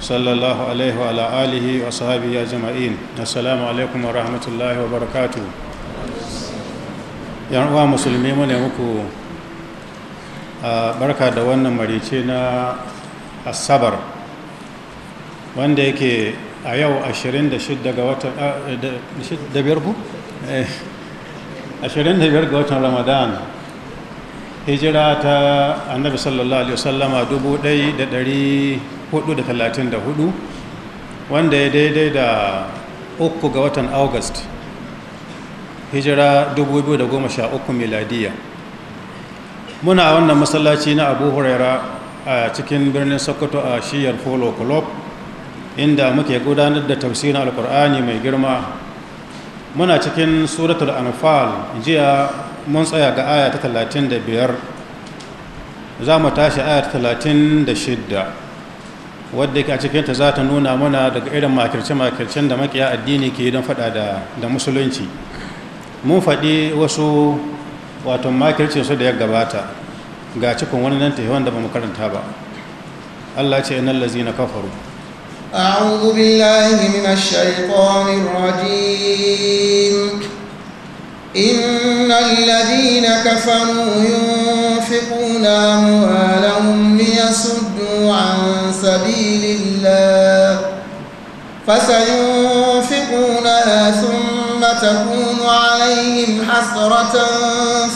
صلى الله عليه وعلى آله وصحبه أجمعين السلام yan uwa musulmi mu ne muku barka da wannan marice na asabar wanda yake a yau 26 ga watan da 25 eh, ga watan ramadan hijira ta annabi sallallahu alaihi wasallama 434 wanda ya daidai da uku ga watan august hijira 2013 miladiya muna wannan masallaci na abu huraira a cikin birnin sokoto a shiyar folo club inda muke gudanar da tafsirin alkur'ani mai girma muna cikin suratul anfal jiya mun tsaya ga aya ta 35 za mu tashi aya ta 36 wadda ke a cikinta za ta nuna mana daga irin makirce-makircen da makiya addini ke don fada da musulunci mun faɗi wasu wato makirce su da ya gabata ga cikin wani nan tafi wanda ba mu karanta ba allah ce inan lazi na kafaru إن الذين كفروا ينفقون أموالهم سبيل الله فسينفقونها ثم تكون عليهم حسرة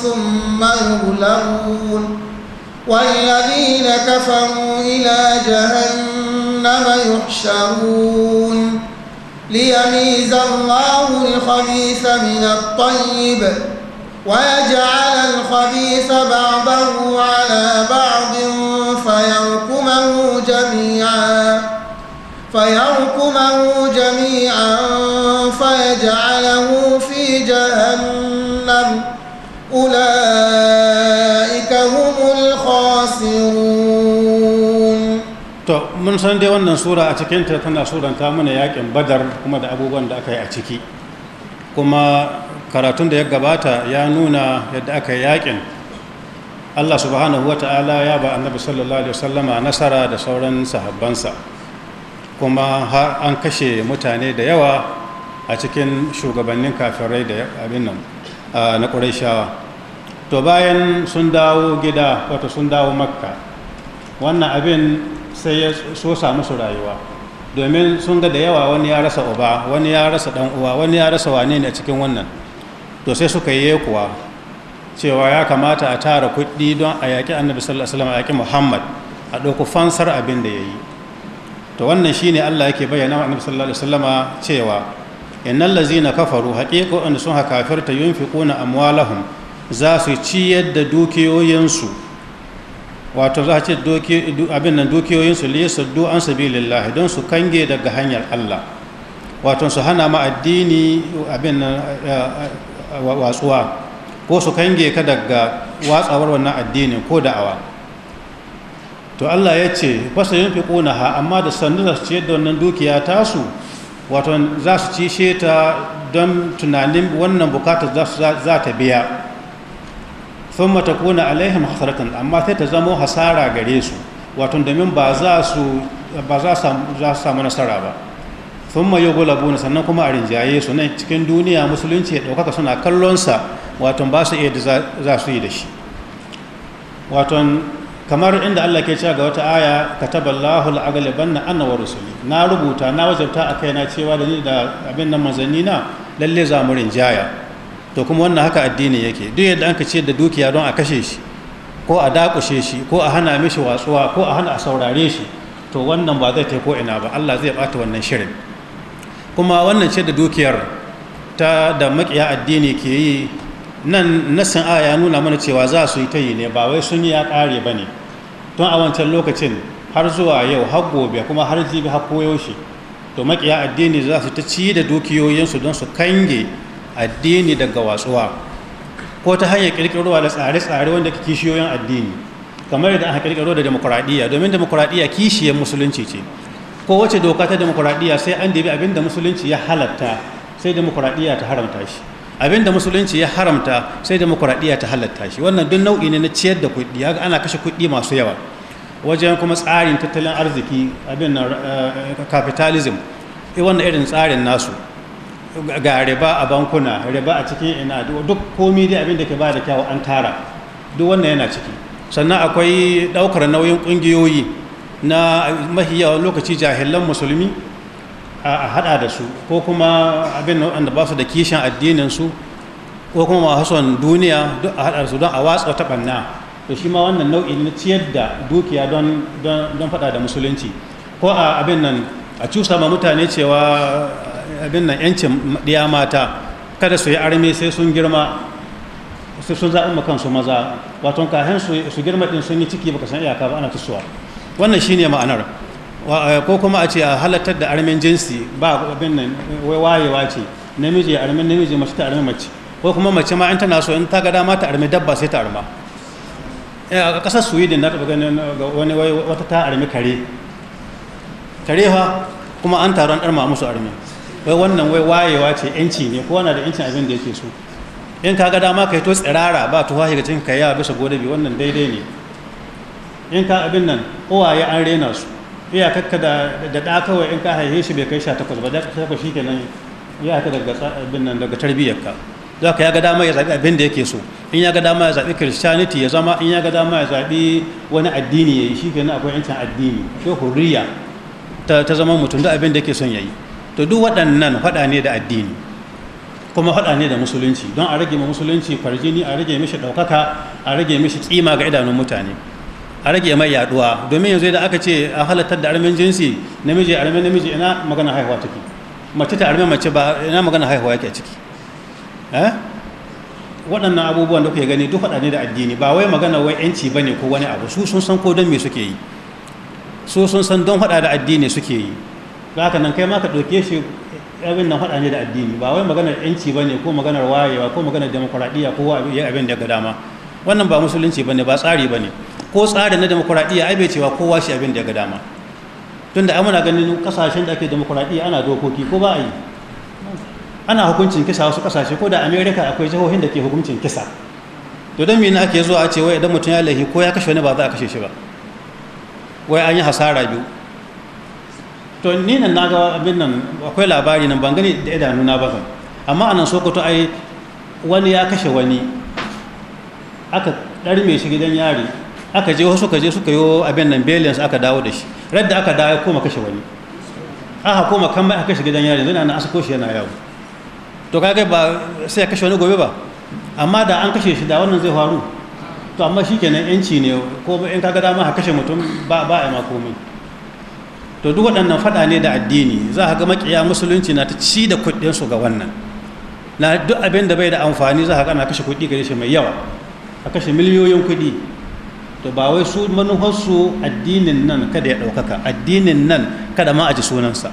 ثم يغلبون والذين كفروا إلى جهنم يحشرون ليميز الله الخبيث من الطيب ويجعل الخبيث بعضه على بعض فينظر جميعا فيركمه جميعا فيجعله في جهنم أولئك هم الخاسرون to mun san dai wannan sura a cikin ta tana suranta mana yakin badar kuma da abubuwan da aka yi a ciki kuma karatun da ya gabata ya nuna yadda aka yi yakin Allah subhanahu ta'ala ya ba annabi sallallahu alaihi wasallama nasara da sauran sahabbansa kuma har an kashe mutane da yawa a cikin shugabannin kafirai da abin nan na ƙurayshawa to bayan sun dawo gida wato sun dawo makka wannan abin sai ya so samu su rayuwa domin sun ga da yawa wani ya rasa uba wani ya rasa uwa wani ya rasa wane ne a cikin wannan to sai suka yi kuwa cewa ya kamata a tara kuɗi don a yaƙi annabi sallallahu alaihi a yaƙi muhammad a ɗauku fansar abin da ya yi to wannan shine allah yake bayyana wa annabi sallallahu alaihi cewa innal ladzina kafaru haƙiƙa an sun kafirta yunfiquna amwalahum za su ciyar da dukiyoyinsu wato za ce abin nan dukiyoyinsu li saddu an sabilillah don su kange daga hanyar Allah wato su hana ma addini abin nan watsuwa ko su kange ka daga watsawar wannan addini ko da'awa to Allah ya ce fasa yin fi ha, amma da sannu za su ciyar da wannan dukiya tasu wato za su ci ta don tunanin wannan bukatar za ta biya sun mata kuna alaihim hasaratan amma sai ta zamo hasara gare su wato domin ba za su samu nasara ba sun ya gulabuna sannan kuma a rinjaye su nan cikin duniya musulunci ya ɗaukaka suna kallonsa waton ba su iya da za su yi da shi waton kamar inda Allah ke cewa ga wata aya kataballahu al-aghlibanna anna wa rusuli na rubuta na wajabta a kai na cewa da ni da abin nan manzanni na lalle za mu rinjaya to kuma wannan haka addini yake duk yadda ka ce da dukiya don a kashe shi ko a dakushe shi ko a hana mishi watsuwa ko a hana a saurare shi to wannan ba zai ko ina ba Allah zai bata wannan shirin kuma wannan ce da dukiyar ta da makiya addini ke yi nan nasan a ya nuna mana cewa za su yi ta yi ne ba wai sun yi ya ƙare ba ne don a wancan lokacin har zuwa yau har gobe kuma har jibi har koyaushe to makiya addini za su ta ci da dukiyoyinsu don su kange addini daga watsuwa ko ta hanyar kirkirowa da tsare-tsare wanda ke kishiyoyin addini kamar yadda aka kirkiro da demokuraɗiyya domin demokuraɗiyya kishiyar musulunci ce ko wace doka ta demokuraɗiyya sai an debi abin da musulunci ya halatta sai demokuraɗiyya ta haramta shi abin da musulunci ya haramta sai demokuraɗiyya ta halatta shi wannan duk nau'i ne na ciyar da kuɗi haka ana kashe kuɗi masu yawa wajen kuma tsarin tattalin arziki abin na eh, capitalism eh, wannan irin tsarin nasu ga riba a bankuna riba a cikin ina duk komi dai abin da ke ba da kyawu an tara duk wannan yana ciki sannan akwai ɗaukar nauyin ƙungiyoyi na mahiyawan lokaci jahilan musulmi a hada da su ko kuma abin da ba su da kishin addinin su ko kuma masu son duniya duk a hada su don a watsa ta banna to shi ma wannan nau'in na ciyar da dukiya don don fada da musulunci ko a abin nan a cusa ma mutane cewa abin nan yancin ya mata kada su yi arme sai sun girma sai sun zaɓi ma kansu maza wato kahin su girma ɗin sun yi ciki baka san iyaka ba ana tusuwa wannan shine ma'anar Eh, ko kuma a ce a halattar da armin jinsi ba abin nan wayewa ce namiji a armin namiji mace ta armin mace ko kuma mace ma in tana so in ta ga dama ta armi dabba sai ta arma eh, a ƙasar sweden na taɓa ganin eh, wani wata ta armi kare kare ha kuma an taron arma musu armi wai wannan wai wayewa ce yanci ne ko na da yancin abin da yake so in ka ga dama kai to tsirara ba tuwa higatin ka yawa bisa godabi wannan daidai ne in ka abin nan uwaye an rena su iyakarka da da ɗa kawai in ka haife shi bai kai sha takwas ba da ka takwas shi kenan iyaka daga abin nan daga tarbiyyarka za ka ya ga dama ya zaɓi abin da yake so in ya ga dama ya zaɓi christianity ya zama in ya ga dama ya zaɓi wani addini yayi yi shi kenan akwai yancin addini ko hurriya ta, ta zama mutum da abin da yake son yayi yi to duk waɗannan faɗa ne da addini kuma faɗa ne da musulunci don a rage musulunci farjini a rage mishi ɗaukaka a rage mishi tsima ga idanun mutane a rage mai yaduwa domin yanzu da aka ce a halattar da armin jinsi namiji armin namiji ina magana haihuwa take mace ta armin mace ba ina magana haihuwa yake a ciki eh? waɗannan abubuwan da kuke gani duk faɗa ne da addini ba wai magana wai yanci ba ne ko wani abu su sun san ko don me suke yi su sun san don faɗa da addini suke yi haka nan kai ma ka ɗauke shi abin nan faɗa ne da addini ba wai maganar yanci bane ko maganar wayewa ko maganar demokuraɗiyya ko abin da ya ga dama wannan ba musulunci ba ne ba tsari ba ne ko tsarin na demokuraɗiyya ai bai cewa kowa shi abin da ya ga dama tun da amina ganin kasashen da ake demokuraɗiyya ana dokoki ko ba a yi ana hukuncin kisa wasu kasashe ko da Amerika akwai jihohin da ke hukuncin kisa to don mina ake zuwa a ce wai idan mutum ya lahi ko ya kashe wani ba za a kashe shi ba wai an yi hasara biyu to ni nan na ga abin nan akwai labari nan ban gani da idanuna ba zan amma anan sokoto ai wani ya kashe wani aka ɗarme shi gidan yari aka je wasu ka je suka yi abin nan belins aka dawo da shi radda aka dawo ya koma kashe wani aka koma kan mai aka shiga gidan yanzu zana na asko shi yana yawo to kage ba sai kashe wani gobe ba amma da an kashe shi da wannan zai faru to amma shikenan yanci ne ko in kaga dama aka kashe mutum ba ba a ma komai to duk waɗannan faɗa ne da addini za ka ga makiya musulunci na ta ci da kuɗin su ga wannan na duk abin da bai da amfani za ka ga ana kashe kuɗi gare shi mai yawa a kashe miliyoyin kuɗi to ba wai su manuhansu addinin nan kada ya ɗaukaka addinin nan kada ma a ji sunansa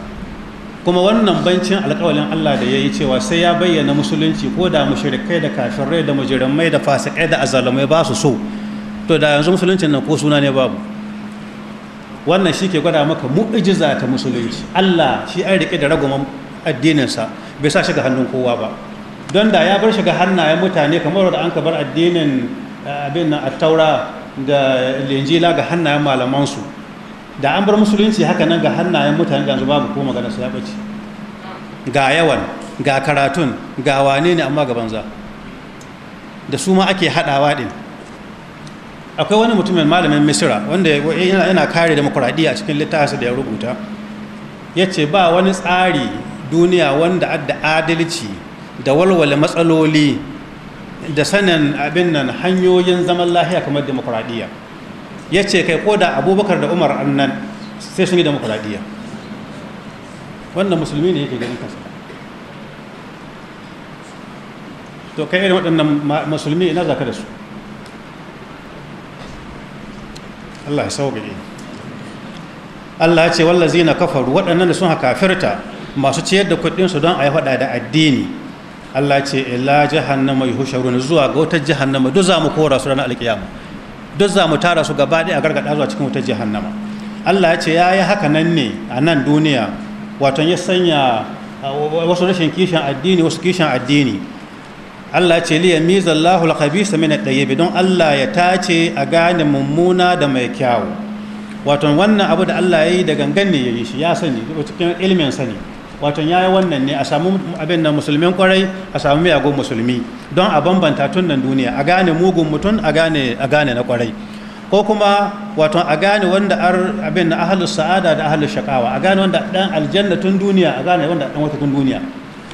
kuma wannan bancin alƙawalin Allah da ya yi cewa sai ya bayyana musulunci ko da mushrikai da kafirai da mujirmai da fasikai da azalumai ba su so to da yanzu musuluncin nan ko suna ne babu wannan shi ke gwada maka mu'ujiza ta musulunci Allah shi an riƙe da raguman addininsa bai sa shiga hannun kowa ba don da ya bar shiga hannayen mutane kamar da an ka bar addinin eh, abin nan taura. da linjila ga hannayen malamansu da an bar musulunci haka nan ga hannayen mutane yanzu babu ko magana su ya ɓace ga yawan ga karatun ga wane ne amma ga banza da su ma ake haɗawa ɗin akwai wani mutumin malamin misira wanda yana kare demokuraɗiyya a cikin littafinsa da ya rubuta ya ce ba wani tsari duniya wanda adda adalci da walwale matsaloli da sanin abin nan hanyoyin zaman lahiya kamar demokuraɗiyya ya ce kai ko da abubakar da umar annan sai sun yi demokuraɗiyya wannan musulmi ne yake ganin kansa to kai irin waɗannan musulmi ina zaka da su Allah ya sauƙaƙe Allah ya ce wallazina kafaru waɗannan da sun kafirta masu ciyar da kuɗinsu don a yi faɗa da addini Allah ce ila jahannama yuhsharun zuwa ga wata jahannama duk za mu kora su ranar alkiyama duk za mu tara su gaba ɗaya a gargada zuwa cikin wata jahannama Allah ya ce ya yi haka nan ne a nan duniya wato ya sanya wasu rashin kishin addini wasu kishin addini Allah ce liya mizallahu Allahul khabisa min at-tayyib don Allah ya tace a gane mummuna da mai kyau wato wannan abu da Allah ya yi da gangan ne ya yi shi ya sani cikin ilimin sani ya yayi wannan ne a samu abin nan musulmin kwarai a samu miyagun musulmi don a bambanta tun nan duniya a gane mugun mutum a gane a gane na kwarai ko kuma waton a gane wanda ar abin na ahalus sa'ada da ahalus shaqawa a gane wanda dan aljanna tun duniya a gane wanda dan wata tun duniya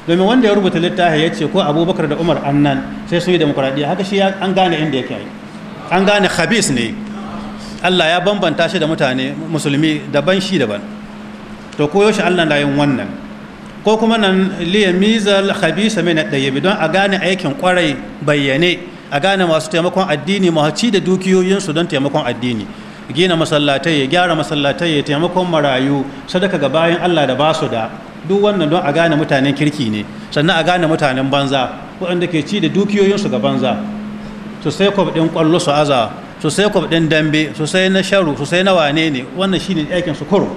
domin wanda ya rubuta littafi ya ce ko abubakar da umar annan sai sun yi demokuraɗiyya haka shi an gane inda yake yi an gane Khabis ne allah ya bambanta shi da mutane musulmi daban shi daban to ko yaushe allah na yin wannan ko kuma nan liya mizal khabisa min na don a gane aikin kwarai bayyane a gane masu taimakon addini mahaci da dukiyoyinsu don taimakon addini gina masallatai ya gyara masallatai ya taimakon marayu sadaka ga bayan Allah da basu da duk wannan don a gane mutanen kirki ne sannan a gane mutanen banza waɗanda ke ci da dukiyoyinsu ga banza su sai kwab ɗin ƙwallo su aza su sai kwab ɗin dambe su sai na sharu su sai na wane ne wannan shine aikin su kuro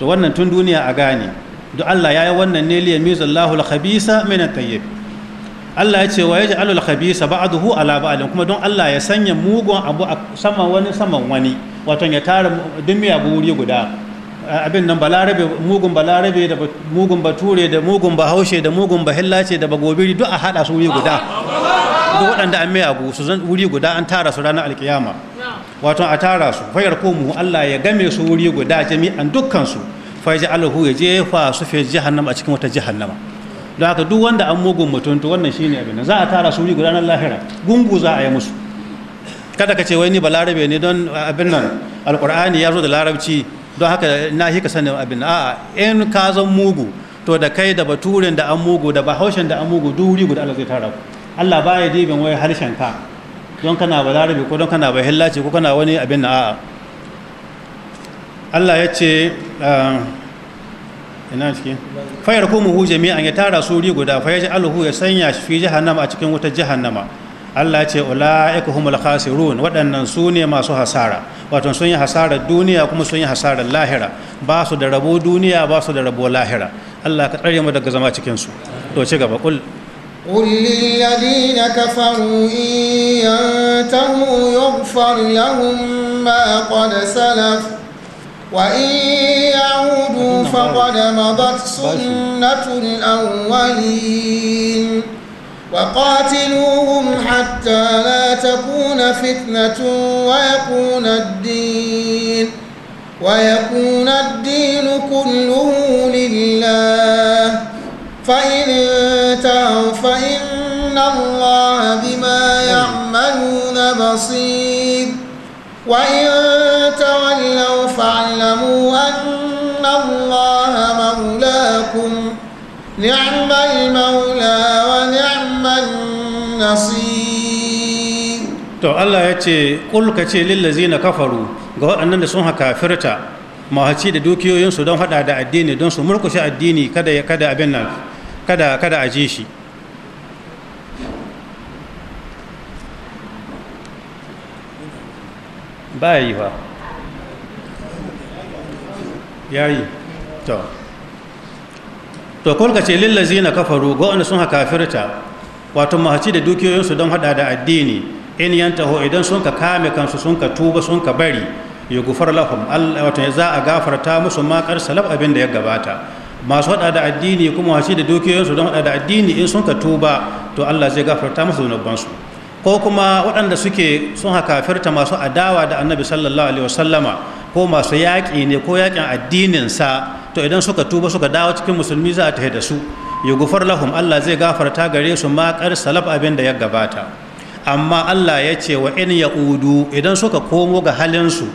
to wannan tun duniya a gane duk Allah ya yi wannan ne liya mizallahu allahu khabisa min at-tayyib Allah ya ce wa yaj'alul khabisa ba'dahu ala ba'din kuma don Allah ya sanya mugun abu a saman wani saman wani wato ya tara dumiya wuri guda abin nan balarabe mugun balarabe da mugun bature da mugun bahaushe da mugun bahillace da bagobiri duk a hada su wuri guda duk waɗanda an miyagu su zan wuri guda an tara su ranar alkiyama wato a tara su fayar komu Allah ya game su wuri guda jami'an dukkan su fa alahu ya jefa su fi jahannama a cikin wata jahannama don haka duk wanda an mugun mutum to wannan shine abin za a tara su guda nan lahira gungu za a yi musu kada ka ce wai ni ba larabe ne don abin nan alqur'ani ya zo da larabci don haka na hika sanin abin a'a in ka zan mugu to da kai da baturin da an mugu da bahaushen da an mugu duk wuri guda Allah zai tara ku Allah baya dibin wai harshen ka don kana ba larabe ko don kana ba hillaci ko kana wani abin na a'a Allah ya ce ah, ina fayar kuma hu jami'an ya tara su ri guda fa yaji alhu ya sanya shi fi jahannama a cikin wutar jahannama Allah ya ce ulaika humul khasirun waɗannan su ne masu hasara wato sun yi hasarar duniya kuma sun yi hasara lahira ba su da rabo duniya ba su da rabo lahira Allah ka tsare mu daga zama cikin su to ci gaba kul قل للذين كفروا إن ينتهوا يغفر لهم ما قد سلف وإن يعودوا نعم. فقد مضت سنة الأولين وقاتلوهم حتى لا تكون فتنة ويكون الدين ويكون الدين كله لله فإن انتهوا فإن الله بما أيوة. يعملون بصير وإن نعم المولى ونعم النصير to Allah ya ce kul ka ce lillazina kafaru ga waɗannan da sun kafirta mahaci da dukiyoyinsu don haɗa da addini don su murkushe addini kada a ji shi to kun ka ce lillazina kafaru ga wanda sun kafirta wato mahaci da dukiyoyinsu don hada da addini in yantaho idan sun ka kame kansu sun ka tuba sun ka bari ya gufar lahum wato za a gafarta musu makar salaf abin da ya gabata masu hada da addini kuma mahaci da dukiyoyinsu don hada da addini in sun ka tuba to Allah zai gafarta musu zunubansu ko kuma waɗanda suke sun kafirta masu adawa da annabi sallallahu alaihi wasallama ko masu yaƙi ne ko yaƙin addininsa to idan suka tuba suka dawo cikin musulmi za a tahe da su ya lahum Allah zai gafarta gare su makar salaf abin da ya gabata amma Allah ya ce wa in ya udu idan suka komo ga halin su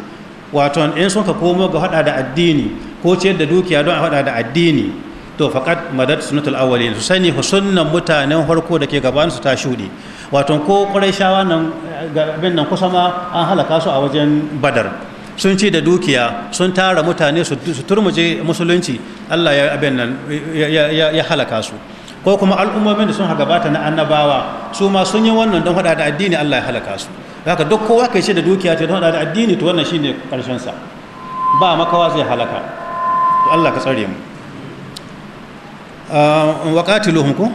wato in suka komo ga hada da addini ko ce da dukiya don a hada da addini to faqat madad sunnatul awwalin su sani sunnan mutanen farko da ke gaban su ta shuɗi, wato ko shawa nan abin nan kusa ma an halaka su a wajen badar sun ci da dukiya sun tara mutane su turmuje musulunci allah ya abin nan ya halaka su ko kuma al'ummomin da sun gabata na annabawa su ma sun yi wannan don hada da addini allah ya halaka su haka duk kowa kai ce da dukiya ce don hada da addini to wannan shine karshen sa ba makawa zai halaka to allah ka tsare mu ah, wa qatiluhum ku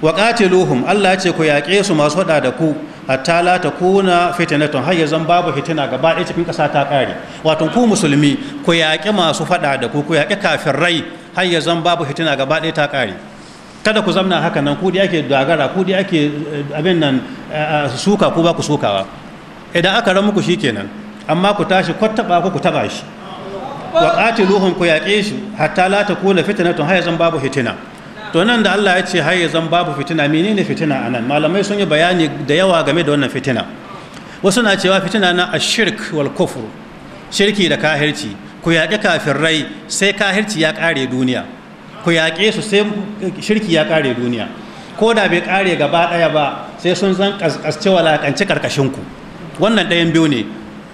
wa qatiluhum allah ya ce ku yaƙe su masu hada da ku hatta la kuna fitnatun har yanzu babu fitina gaba ɗaya cikin ƙasa ta ƙare wato ku musulmi ku yaƙi masu faɗa da ku ku yaƙi kafirai har yanzu babu fitina gaba ɗaya ta ƙare kada ku zamna haka nan ku ake dagara ku ake eh, abin nan eh, eh, suka ku ba ku sukawa idan aka ran muku shikenan amma ku tashi kwattaba taɓa ku taba shi wa qatiluhum ku yaƙe shi hatta la kuna fitnatun har yanzu babu fitina to nan da Allah ya ce har ya zan babu fitina menene fitina anan malamai sun yi bayani da yawa game da wannan fitina wasu na cewa fitina na ashirk wal kufru shirki da kahirci ku yaƙi kafirai sai kahirci ya ƙare duniya ku yaƙe su sai shirki ya ƙare duniya ko da bai ƙare gaba ɗaya ba sai sun zan ƙasƙasce walaƙance ƙarƙashinku wannan ɗayan biyu ne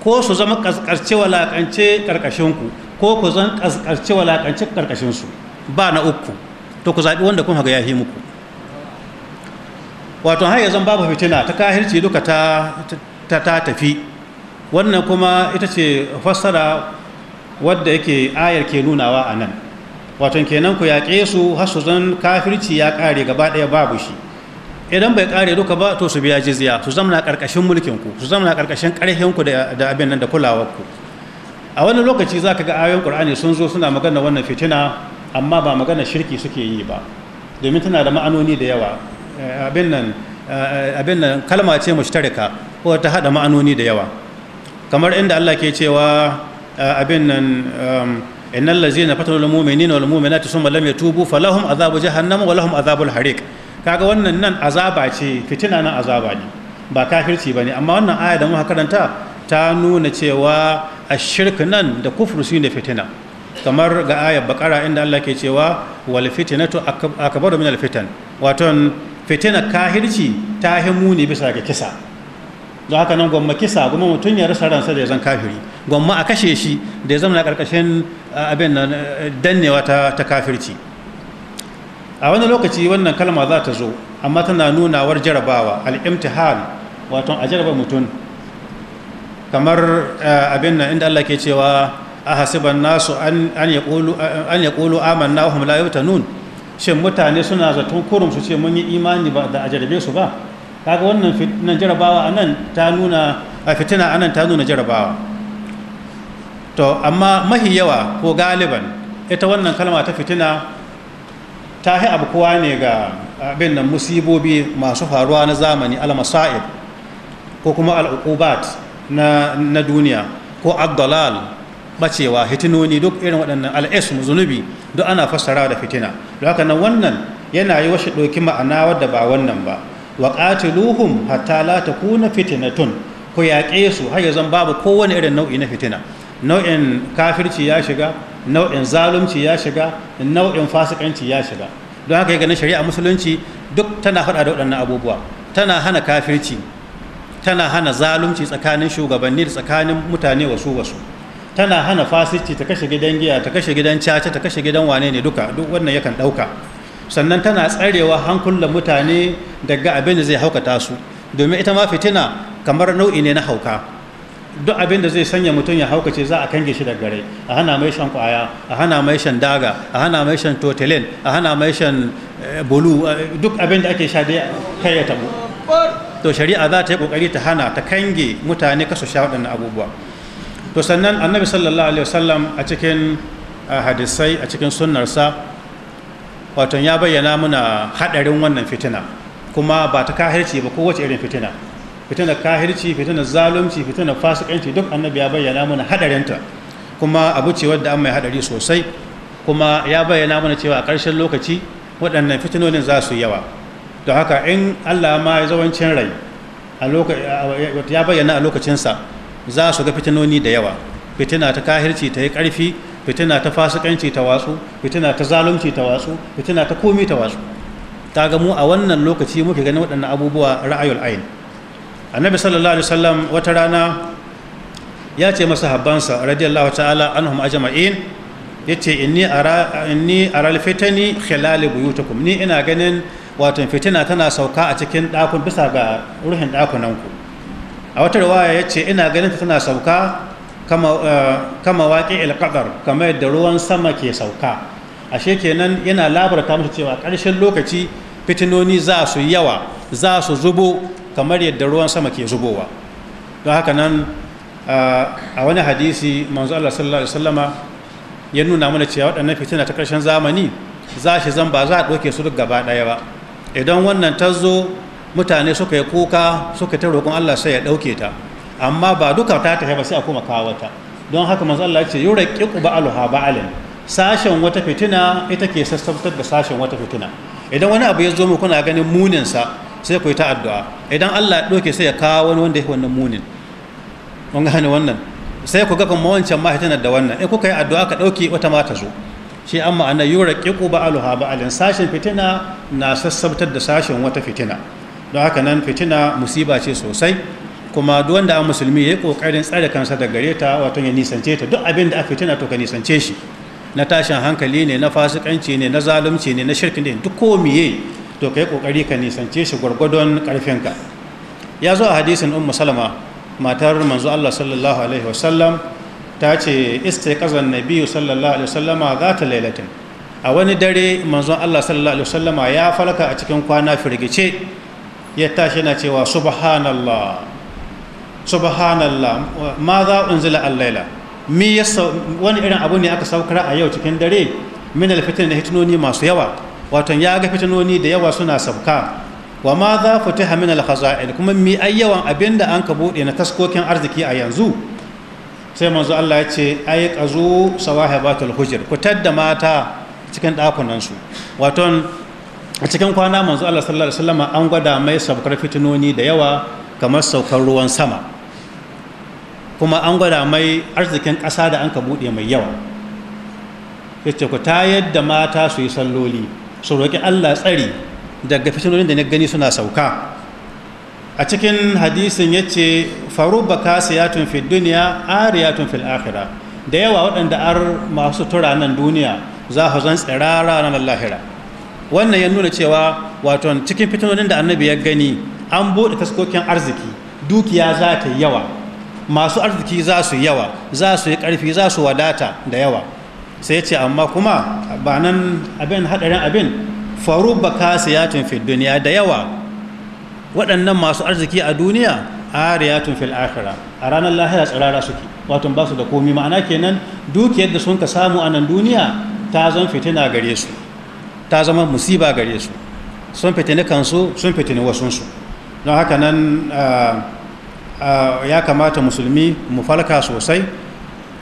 ko su zama ƙasƙasce walaƙance ƙarƙashinku ko ku zan ƙasƙasce walaƙance ƙarƙashinsu ba na uku to ku zaɓi wanda kuma ya yafi muku wato har yanzu babu fitina ta kahirci duka ta tafi wannan kuma ita ce fassara wadda yake ayar ke nunawa a nan wato kenan ku yaƙe su har su zan kafirci ya ƙare gaba ɗaya babu shi idan bai ƙare duka ba to su biya jiziya su zamana ƙarƙashin mulkin ku su zamana ƙarƙashin ƙarfin ku da abin nan da kulawar ku a wani lokaci za ka ga ayoyin ƙur'ani sun zo suna magana wannan fitina amma ba magana shirki suke yi ba domin tana da ma'anoni da yawa eh, abin nan eh, abin nan kalma ce mushtarika ko ta hada ma'anoni da yawa kamar inda Allah ke cewa eh, abin nan um, innal ladzina fatalul mu'minina wal mu'minati thumma lam yatubu falahum azabu jahannam wa lahum azabul hariq kaga wannan nan azaba ce fitina nan azaba ne ba kafirci bane amma wannan aya da muka karanta ta nuna cewa ashirk nan da kufru shine fitina kamar ga ayar bakara inda Allah ke cewa wal fitnatu akbaru min al fitan wato fitina kahirci ta himu ne bisa ga kisa don haka nan gwamma kisa kuma mutum ya rasa ransa da ya zan kafiri gwamma a kashe shi da ya zama na karkashin abin nan dannewa ta ta kafirci a wani lokaci wannan kalma za ta zo amma tana nunawar jarabawa al-imtihan wato a jaraba mutum kamar abin nan inda Allah ke cewa ahasiban nasu an yaqulu an yaqulu amanna wa hum la nun shin mutane suna zaton kurum su ce mun yi imani ba da jarabe su ba kaga wannan fitnan jarabawa nuna a fitina ta nuna jarabawa to amma mahi yawa ko galiban ita wannan kalma ta fitina ta hi abu kowa ne ga abin nan musibobi masu faruwa na zamani al masaid ko kuma al-uqubat na duniya ko ad bacewa hitinoni duk irin waɗannan al'ismu zunubi duk ana fassara da fitina da haka nan wannan yana yi washe ɗauki ma'ana wadda ba wannan ba wa qatiluhum hatta la takuna fitnatun ku yaƙe su har yanzu babu kowane irin nau'i na fitina nau'in kafirci ya shiga nau'in zalunci ya shiga nau'in fasikanci ya shiga don haka ganin shari'a musulunci duk tana faɗa da waɗannan abubuwa tana hana kafirci tana hana zalunci tsakanin shugabanni da tsakanin mutane wasu wasu tana hana fasici ta kashe gidan giya ta kashe gidan caca ta kashe gidan wane ne duka duk wannan yakan ɗauka sannan tana tsarewa hankula mutane daga abin da zai haukata su domin ita ma fitina kamar nau'i ne na hauka duk abin da zai sanya mutum ya haukace za a kange shi daga rai a hana mai shan kwaya a hana mai shan daga a hana mai shan totalin a hana mai shan eh, bulu eh, duk abin da ake sha dai kai ya tabo to shari'a za ta yi kokari ta hana ta kange mutane kasu sha waɗannan abubuwa to sannan annabi sallallahu alaihi wasallam a cikin hadisai a cikin sunnarsa wato ya bayyana muna hadarin wannan fitina kuma ba ta kahirci ba kowace irin fitina fitinar kahirci fitinar zalunci fitinar fasikanci duk annabi ya bayyana muna ta kuma abu ce wadda an mai haɗari sosai kuma ya bayyana mana cewa a ƙarshen lokaci waɗannan fitinonin za su yawa don haka in allah ma ya zawancin rai ya bayyana a lokacinsa za su ga fitinoni da yawa fitina ta kahirci ta yi ƙarfi fitina ta fasikanci ta wasu, fitina ta zalunci ta wasu, fitina ta komi ta wasu. ta ga mu a wannan lokaci muke ganin waɗannan abubuwa ra'ayul ayin annabi sallallahu alaihi wasallam wata rana ya ce masa habbansa radiyallahu ta'ala anhum ajma'in yace inni ara inni aral fitani khilal buyutakum ni ina ganin wato fitina tana sauka a cikin ɗakun bisa ga ruhin ɗakunanku a wata ruwaya ya ce ina ganin tana sauka kama waƙi eh, ilƙadar kama yadda ruwan sama ke sauka ashe kenan yana labarta mata cewa ƙarshen lokaci fitinoni za su yawa za su zubo kamar yadda ruwan sama ke zubowa don haka nan eh, a wani hadisi manzo Allah sallallahu alaihi wasallama ya nuna mana cewa waɗannan fitina ta ƙarshen zamani za shi zan ba za a ɗauke su duk gaba ɗaya ba idan wannan ta zo mutane suka yi kuka suka ta roƙon Allah sai ya ɗauke ta amma ba duka ta tafi ba sai a kuma kawo don haka manzo Allah ce yura aluha ba alin sashen wata fitina ita ke sassabtar da sashen wata fitina idan wani abu ya zo mu kuna ganin muninsa sa sai ku yi ta addu'a idan Allah ya ɗauke sai ya kawo wani wanda ya wannan munin kun wannan sai ku ga kuma wancan da wannan in kuka yi addu'a ka ɗauke wata ma ta zo shi amma ma'ana yura aluha ba sashen fitina na sassabtar da sashen wata fitina don haka nan fitina musiba ce sosai kuma duk wanda a musulmi ya yi kokarin tsare kansa da gare ta wato ya nisance ta duk abin da a fitina to ka nisance shi na tashin hankali ne na fasikanci ne na zalunci ne na shirki ne duk ko miye to ka yi kokari ka nisance shi gwargwadon karfinka ya zo a hadisin ummu salama matar manzo Allah sallallahu alaihi wasallam ta ce istiqazan nabiyyu sallallahu alaihi wasallama zata lailatin a wani dare manzon Allah sallallahu alaihi wasallama ya falka a cikin kwana firgice ya tashi na cewa subhanallah subhanallah ma za unzila allaila mi wani irin abu ne aka saukar a yau cikin dare min alfitin da hitinoni masu yawa watan ya ga fitinoni da yawa suna sauka wa ma za fitaha min alkhaza'il kuma mi ai yawan abin da an ka bude na taskokin arziki a yanzu sai manzo Allah ya ce ai qazu sawahibatul hujr ku tadda mata cikin dakunan su a cikin kwana manzo Allah sallallahu alaihi wasallam an gwada mai saukar fitinoni da yawa kamar saukar ruwan sama kuma an gwada mai arzikin ƙasa da an ka buɗe mai yawa yace ku ta yadda mata su yi salloli su roƙi Allah tsari daga fitinonin da na gani suna sauka a cikin hadisin ya ce faruba kasiyatun fi duniya ariyatun fil akhira da yawa waɗanda ar masu tura nan duniya za su zan tsirara nan lahira wannan ya nuna cewa waton cikin fitinonin da annabi ya gani an buɗe taskokin arziki dukiya za ta yi yawa masu arziki za su yawa za su yi ƙarfi za su wadata da yawa sai ce amma kuma ba nan abin haɗarin abin faru ba siyatun fil duniya da yawa waɗannan masu arziki a duniya ariyatun fil akhira a ranar lahira tsirara suke wato ba su da komi ma'ana kenan dukiyar da sun ka samu a nan duniya ta zan fitina gare su ta zama musiba gare su sun fitini kansu sun fitini wasunsu don haka nan ah, ah, ya kamata musulmi mu falka sosai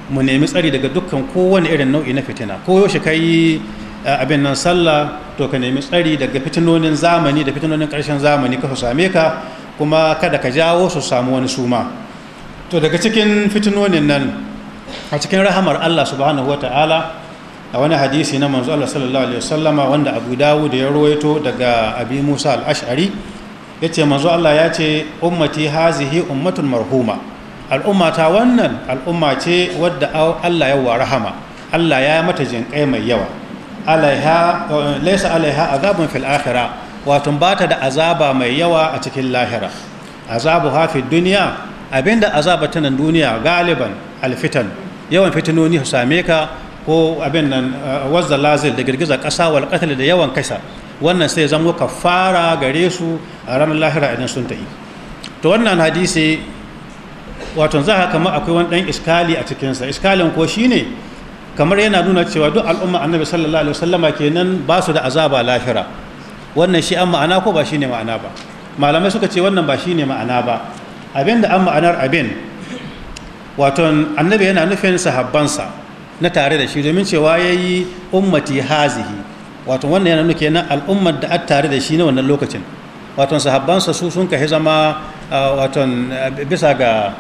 mu nemi tsari daga dukkan kowane irin nau'i na fitina ko yaushe ka yi ah, abin nan sallah to ka nemi tsari daga fitinonin zamani da fitinonin karshen zamani ka su same ka kuma kada ka jawo su samu wani suma to daga cikin fitinonin nan a cikin rahamar allah subhanahu wa ta'ala a wani hadisi na manzo Allah sallallahu alaihi wasallama wanda Abu Dawud ya ruwaito daga Abi Musa al-Ash'ari yace manzo Allah ya ce ummati hazihi ummatun marhuma al'ummata wannan al'umma ce wadda Allah ya wa rahama Allah ya mata jinkai mai yawa alaiha laysa alaiha azabun fil akhirah wato bata da azaba mai yawa a cikin lahira azabu hafi duniya abinda azaba ta nan duniya galiban alfitan yawan fitinoni su same ka ko abin nan uh, wazza lazil da girgiza ƙasa wal qatl da yawan kisa wannan sai muka kafara gare su a ranar lahira idan sun ta'i to wannan hadisi wato za kamar akwai wani dan iskali a cikinsa iskalin ko shine kamar yana nuna cewa duk al'umma annabi sallallahu alaihi wasallama kenan ba su da azaba lahira wannan shi an ma'ana ko ba shine ma'ana ba malamai suka ce wannan ba shine ma'ana ba abin da an ma'anar abin wato annabi yana nufin sahabbansa na tare da shi domin cewa ya yi ummati hazihi wato wannan yana nuke na al'ummar da a tare da shi na wannan lokacin wato sahabbansa su sun kahi zama wato bisa ga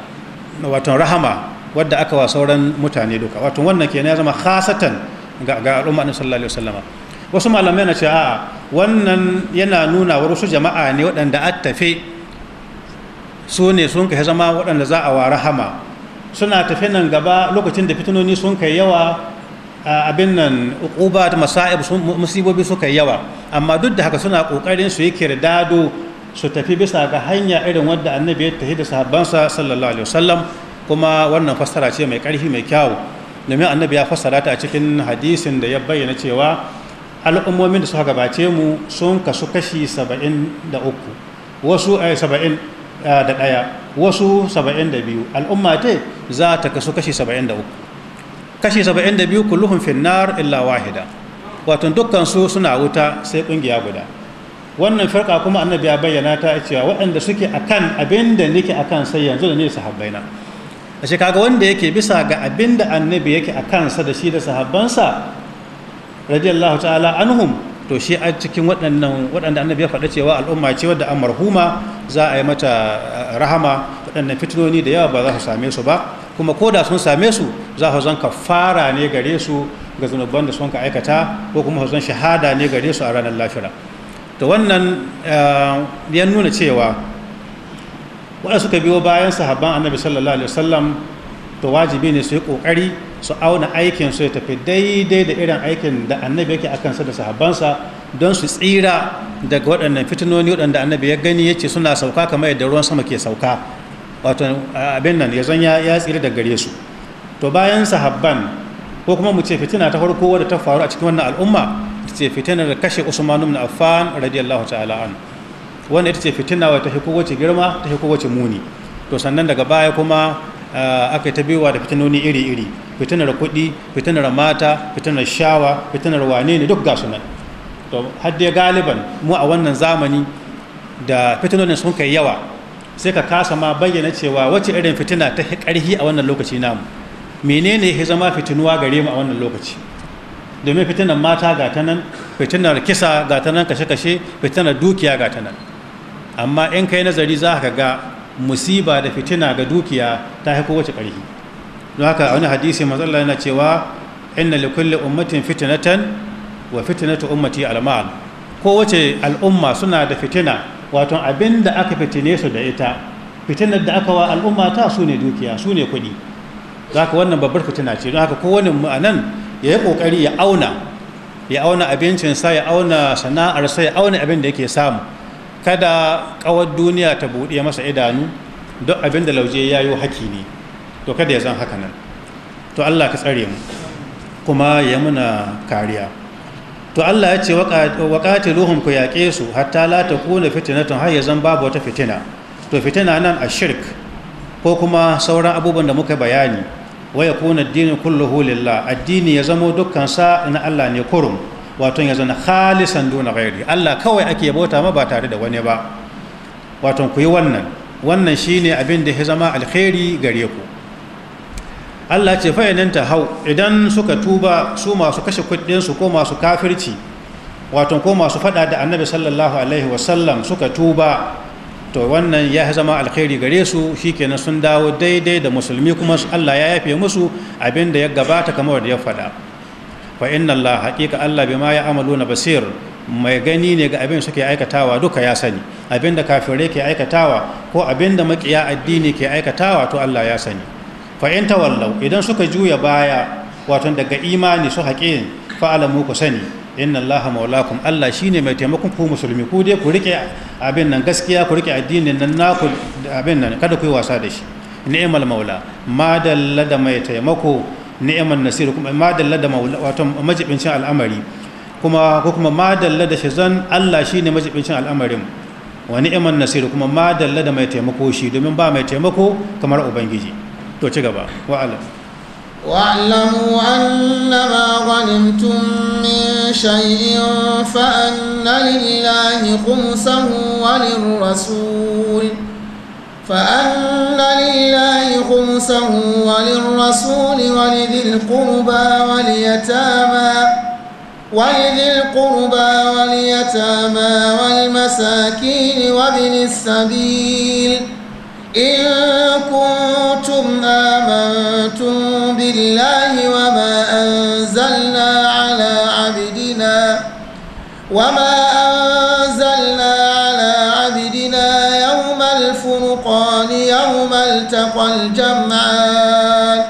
wato rahama wadda aka wa sauran mutane duka wato wannan kenan ya zama khasatan ga ga al'umma annabi sallallahu alaihi wasallam wasu malamai na cewa a'a wannan yana nuna wa wasu jama'a ne waɗanda a tafe su ne sun kahi zama waɗanda za a wa rahama suna tafi nan gaba lokacin da fitinoni sun kai yawa abin nan uquba da masa'ib musibobi suka yawa amma duk da haka suna ƙoƙarin su yi kirdado su tafi bisa ga hanya irin wadda annabi ya tafi da sahabbansa sallallahu alaihi wasallam kuma wannan fassara ce mai ƙarfi mai kyawu domin annabi ya fassara ta a cikin hadisin da ya bayyana cewa al'ummomin da suka gabace mu sun kasu kashi saba'in da uku wasu eh, saba'in eh, da ɗaya wasu 72 al'umma ta za ta kasu kashi 73 kashi 72 kulluhun finnar illa wahida wato dukkan su suna wuta sai kungiya guda wannan farka kuma annabi ya bayyana ta cewa waɗanda suke akan abin nake akan sai yanzu da ne sahabbaina a shi kaga wanda yake bisa ga abinda annabi yake a sa da shi da sahabbansa radiyallahu ta'ala anhum to shi a cikin waɗannan waɗanda annabi ya faɗa cewa al'umma ce wadda an marhuma za a yi mata rahama waɗannan fitinoni da yawa ba za su same su ba kuma ko da sun same su za su zan kafara ne gare su ga zunuban da sun ka aikata ko kuma ka zan shahada ne gare su a ranar lafira to wannan eh, ya nuna cewa waɗanda suka biyo bayan sahabban annabi sallallahu alaihi wasallam to wajibi ne su yi ƙoƙari su auna aikin su ya tafi daidai da irin aikin da annabi yake akan sa da sahabbansa don su tsira daga waɗannan fitinoni waɗanda annabi ya gani ya ce suna sauka kamar yadda ruwan sama ke sauka wato abin nan ya zan ya tsira daga gare su to bayan sahabban ko kuma mu ce fitina ta farko wadda ta faru a cikin wannan al'umma ita ce fitinar da kashe usman ibn affan radiyallahu ta'ala an wannan ita ce fitina wadda ta fi wace girma ta fi wace muni to sannan daga baya kuma aka yi ta biyuwa da fitinoni iri-iri fitinar kuɗi fitinar mata fitinar shawa fitinar wane ne duk ga sunan to hadde galiban mu a wannan zamani da fitinonin sun kai yawa sai ka kasa ma bayyana cewa wace irin fitina ta karhi a wannan lokaci namu menene ya zama fitinuwa gare mu a wannan lokaci domin fitinan mata ga ta nan fitinar kisa ga ta nan kashe-kashe fitinar dukiya ga ta nan amma in kai nazari za ka ga musiba da fitina ga dukiya ta haiko wace karhi don haka a wani hadisi matsala yana cewa inna likulli ummatin fitinatan wa fitinatu ummati almal kowace al'umma suna da fitina wato abin da aka fitine su da ita fitinar da aka wa al'umma ta su ne dukiya su ne kuɗi za ka wannan babbar fitina ce don haka kowane ma'anan ya yi ƙoƙari ya auna ya auna abincinsa ya auna sana'arsa ya auna abin da yake samu kada kawar duniya ta buɗe masa idanu duk abin da lauje ya yi haƙi ne to kada ya zan haka nan to allah ka tsare mu kuma ya muna kariya to Allah ya ce wa qatiluhum ku yaƙe su hatta la takuna fitnatun har yazan babu wata fitina to fitina nan a shirk ko kuma sauran abubuwan da muka bayani wa kuna ad-din kulluhu lillah addini ya zamo dukkansa na Allah ne kurum wato ya zana khalisan duna ghairi Allah kawai ake bauta ma ba tare da wani ba wato ku yi wannan wannan shine abin da ya zama alkhairi gare ku Allah ce fa'inan ta hau idan suka tuba su masu kashe su ko masu kafirci wato ko masu fada da annabi sallallahu alaihi wasallam suka tuba to wannan ya zama alkhairi gare su shikenan sun dawo daidai da musulmi kuma Allah ya yafe musu abin da ya gabata kamar da ya fada fa inna Allah haqiqa Allah bima ya amaluna basir mai gani ne ga abin suke aikatawa duka ya sani abin da kafirai ke aikatawa ko abin da makiya addini ke aikatawa to Allah ya sani fa'in tawallau idan suka juya baya wato daga imani su haƙe fa'alamu ku sani inna Allah maulakum Allah shi ne mai taimakon ku musulmi ku dai ku rike abin nan gaskiya ku rike addinin nan naku abin nan kada ku yi wasa da shi ni'mal maula madalla da mai taimako ni'mal nasir kuma madalla da maula wato majibincin al'amari kuma ko kuma madalla da zan Allah shi ne majibincin al'amarin wa ni'mal nasir kuma madalla da mai taimako shi domin ba mai taimako kamar ubangiji تو ci gaba wa'alam واعلموا أن ما غنمتم من شيء فأن لله خمسه وللرسول فأن لله خمسه وللرسول ولذي القربى واليتامى ولذي القربى واليتامى والمساكين وابن السبيل إن كنتم آمنتم بالله وما أنزلنا على عبدنا وما أنزلنا على عبدنا يوم الفرقان يوم التقى الجمعان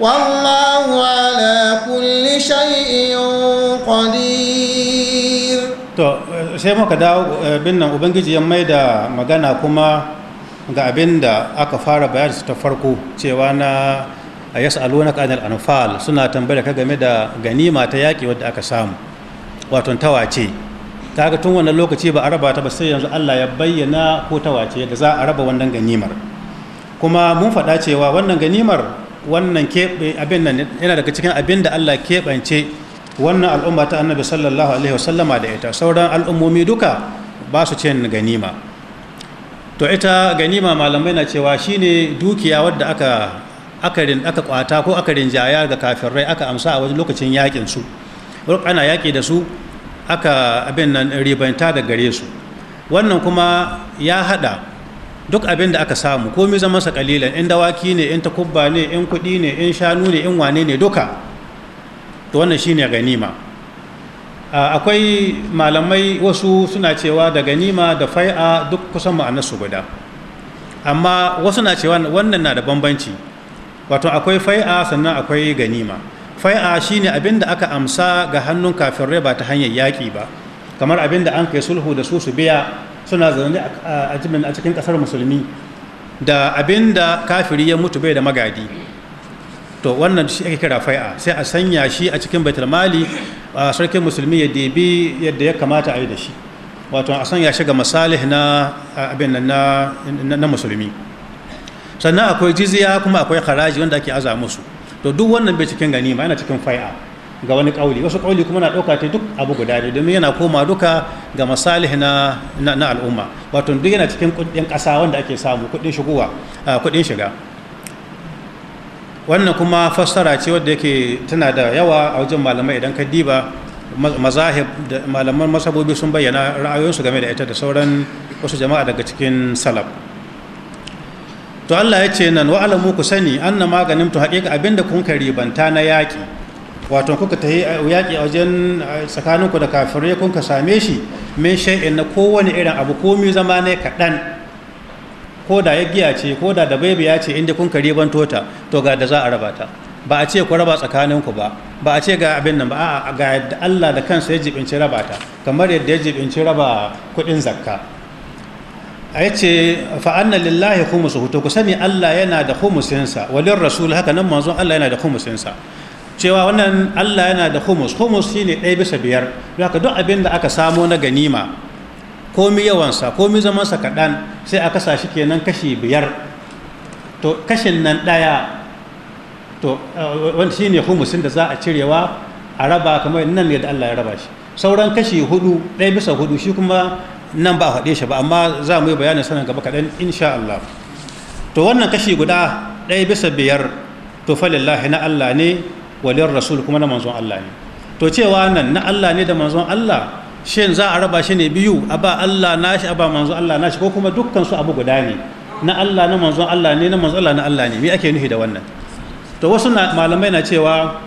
والله على كل شيء قدير تو سيما كذا dawo bin nan ubangiji ya maida magana kuma ga abin da aka fara su ta farko cewa na a kanar anfal suna tambayar ka game da ganima ta yaƙi wadda aka samu wato tawace kaga tun wannan lokaci ba a raba ta ba sai yanzu Allah ya bayyana ko tawace da za a raba wannan ganimar kuma mun faɗa cewa wannan ganimar wannan abin nan yana daga cikin abin da Allah keɓance wannan al'umma ta annabi sallallahu alaihi wasallama da ita sauran al'ummomi duka ba su cin ganima to ita ganima malamai na cewa shine dukiya wadda aka akarin aka kwata ko aka rinjaya ga kafirai aka amsa a wajen lokacin yakin su ana yaki da su aka abin nan ribanta da gare su wannan kuma ya hada duk abin da aka samu komai zama sa kalilan in dawaki ne in takubba ne in kuɗi ne in shanu ne in wane ne duka to wannan shine ganima akwai malamai wasu suna cewa da ganima da fai'a duk kusan ma'anarsu guda amma wasu na cewa wannan na da bambanci wato akwai fai'a sannan akwai ganima fai'a shine abin da aka amsa ga hannun kafirai ba ta hanyar yaƙi ba kamar abin da an kai sulhu da su su biya suna zaune a cikin ƙasar musulmi da abin da kafiri ya mutu bai da magadi to wannan shi ake kira fai'a sai a sanya shi a cikin baitul mali a sarkin musulmi ya debi yadda ya kamata a yi da shi wato a sanya shi ga masalih na abin na musulmi sannan akwai jizya kuma akwai haraji wanda ake aza musu to duk wannan bai cikin gani ma yana cikin fai'a ga wani kauli wasu kauli kuma na ɗauka ta duk abu guda ne domin yana koma duka ga masalih na al'umma wato duk yana cikin kudin kasa wanda ake samu kudin shigowa kuɗin shiga wannan kuma fassara ce wadda yake tana da yawa a wajen malamai idan ka diba mazahib da malaman masabobi sun bayyana ra'ayoyinsu game da ita da sauran wasu jama'a daga cikin salaf to Allah ya ce nan wa'alamu ku sani anna maganin to haƙiƙa abinda kun ka ribanta na yaƙi wato kuka tafi yaƙi a wajen tsakaninku da kafirai kun ka same shi min shay'in na kowane irin abu komi zama ne kaɗan ko da ya giya ce ko da da baibiya ce inda kun kare ban tota to ga da za a raba ta ba a ce ku raba tsakaninku ba ba a ce ga abin nan ba a ga yadda Allah da kansa ya jibinci raba ta kamar yadda ya jibinci raba kuɗin zakka a ya ce fa'anna lillahi hutu ku sani Allah yana da humusinsa walin rasul haka nan manzon Allah yana da humusinsa cewa wannan Allah yana da humus shi shine ɗaya bisa biyar don haka duk abin da aka samo na ganima komi yawansa komi zamansa kaɗan sai a kasa kenan kashi biyar to kashin nan ɗaya to eh, wanda shine humusin da za a cirewa a raba kamar nan ne da Allah ya raba shi sauran kashi hudu ɗaya bisa hudu shi kuma nan ba a faɗe shi ba amma za mu yi bayanin sanin gaba kaɗan insha Allah to wannan kashi guda ɗaya bisa biyar to falillahi na Allah ne waliyar rasul kuma na manzon Allah ne to cewa nan na Allah ne da manzon Allah shin za a raba shi ne biyu a ba Allah nashi a ba manzo Allah nashi ko kuma dukkan su abu guda ne na Allah na manzo Allah ne na manzo Allah na Allah ne me ake nufi da wannan to wasu malamai na cewa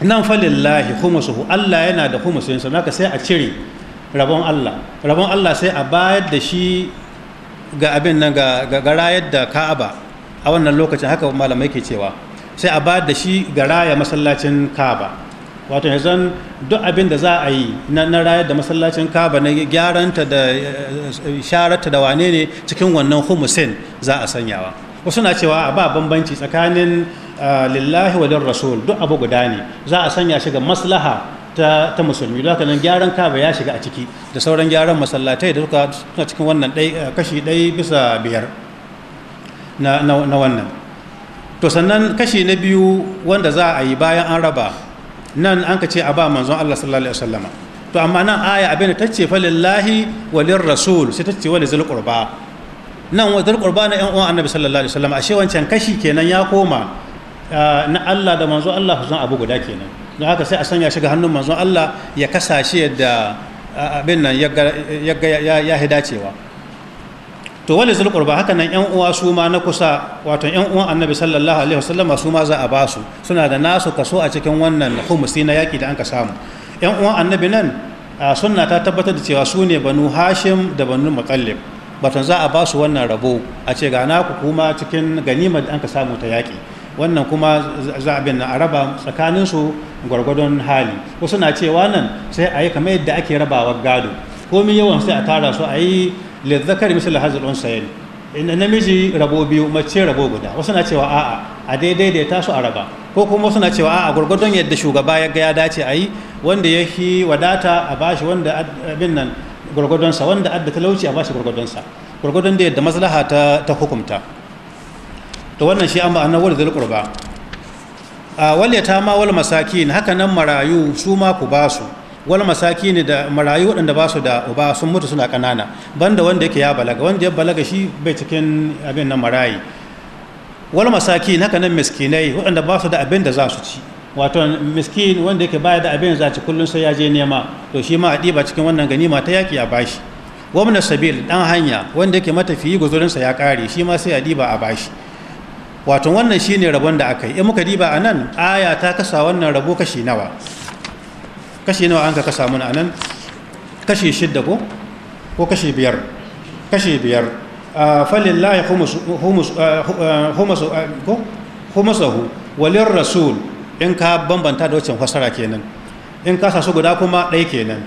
nan falillahi khumusuhu Allah yana da khumusin sa naka sai a cire rabon Allah rabon Allah sai a bayar da shi ga abin nan ga ga rayar da Ka'aba a wannan lokacin haka malamai ke cewa sai a bayar da shi ga raya masallacin Ka'aba wato yanzu duk abin da za a yi na rayar da masallacin kaba na gyaranta da eh, shararta da wane ne cikin wannan humusin za a sanyawa wasu na cewa a ba bambanci tsakanin eh, lillahi wa rasul duk abu guda ne za a sanya shi ga maslaha ta, musulmi don haka nan gyaran kaba ya shiga a ciki da sauran gyaran masallatai da suka suna cikin wannan eh, kashi ɗai bisa biyar na wannan to sannan kashi na biyu wanda za a yi bayan an raba nan an ka ce a ba manzon Allah sallallahu alaihi wasallama to amma nan aya abin da tace fa lillahi walir rasul sai tace wa lizul qurba nan wa zul qurba na yan'uwan uwan annabi sallallahu alaihi wasallama ashe wancan kashi kenan ya koma ah, na Allah da manzon Allah zan abu guda kenan don haka sai a sanya shi ga hannun manzon Allah ya kasashe da ah, abin nan ya ya ya to wani ba haka nan yan uwa su ma na kusa wato yan uwan annabi sallallahu alaihi wasallam su ma za a ba su suna da nasu kaso a cikin wannan humusi na yaki da anka samu yan uwan annabi nan sunna ta tabbatar da cewa su ne banu hashim da banu muqallib wato za a ba su wannan rabo a ce ga naku kuma cikin ganimar da anka samu ta yaki wannan kuma za a bin a raba tsakanin su gwargwadon hali wasu na cewa nan sai a yi kamar yadda ake rabawa gado komi yawan sai a tara su a yi lizzakari misal hazil inda namiji rabo biyu mace rabo guda wasu na cewa a'a a daidai da ya taso a raba ko kuma wasu na cewa a'a gwargwadon yadda shugaba ya ga ya dace a yi wanda ya fi wadata a bashi wanda abin nan gwargwadonsa wanda adda talauci a bashi gwargwadonsa gwargwadon da yadda maslaha ta hukumta to wannan shi amma annan zai qurba a wal ma wal masakin haka nan marayu su ma ku ba su. masaki ne da marayu waɗanda ba su da uba sun mutu suna ƙanana banda wanda yake ya balaga wanda ya balaga shi bai cikin abin nan marayi wani masaki na kanan miskinai waɗanda ba su da abin da za su ci wato miskin wanda yake baya da abin za ci kullum sai ya je nema to shi ma a ɗiba cikin wannan ganima ta yaki a bashi gwamna sabil dan hanya wanda yake matafiyi guzurinsa ya ƙare shi ma sai a ɗiba a bashi wato wannan shine rabon da aka yi in muka diba a nan aya ta kasa wannan rabo kashi nawa kashi nawa an ka kasa mana nan kashi shidda ko ko kashi biyar kashi biyar ah, falillahi humusahu walin rasul in ka bambanta da wacin fasara kenan in ka sasu guda kuma ɗaya kenan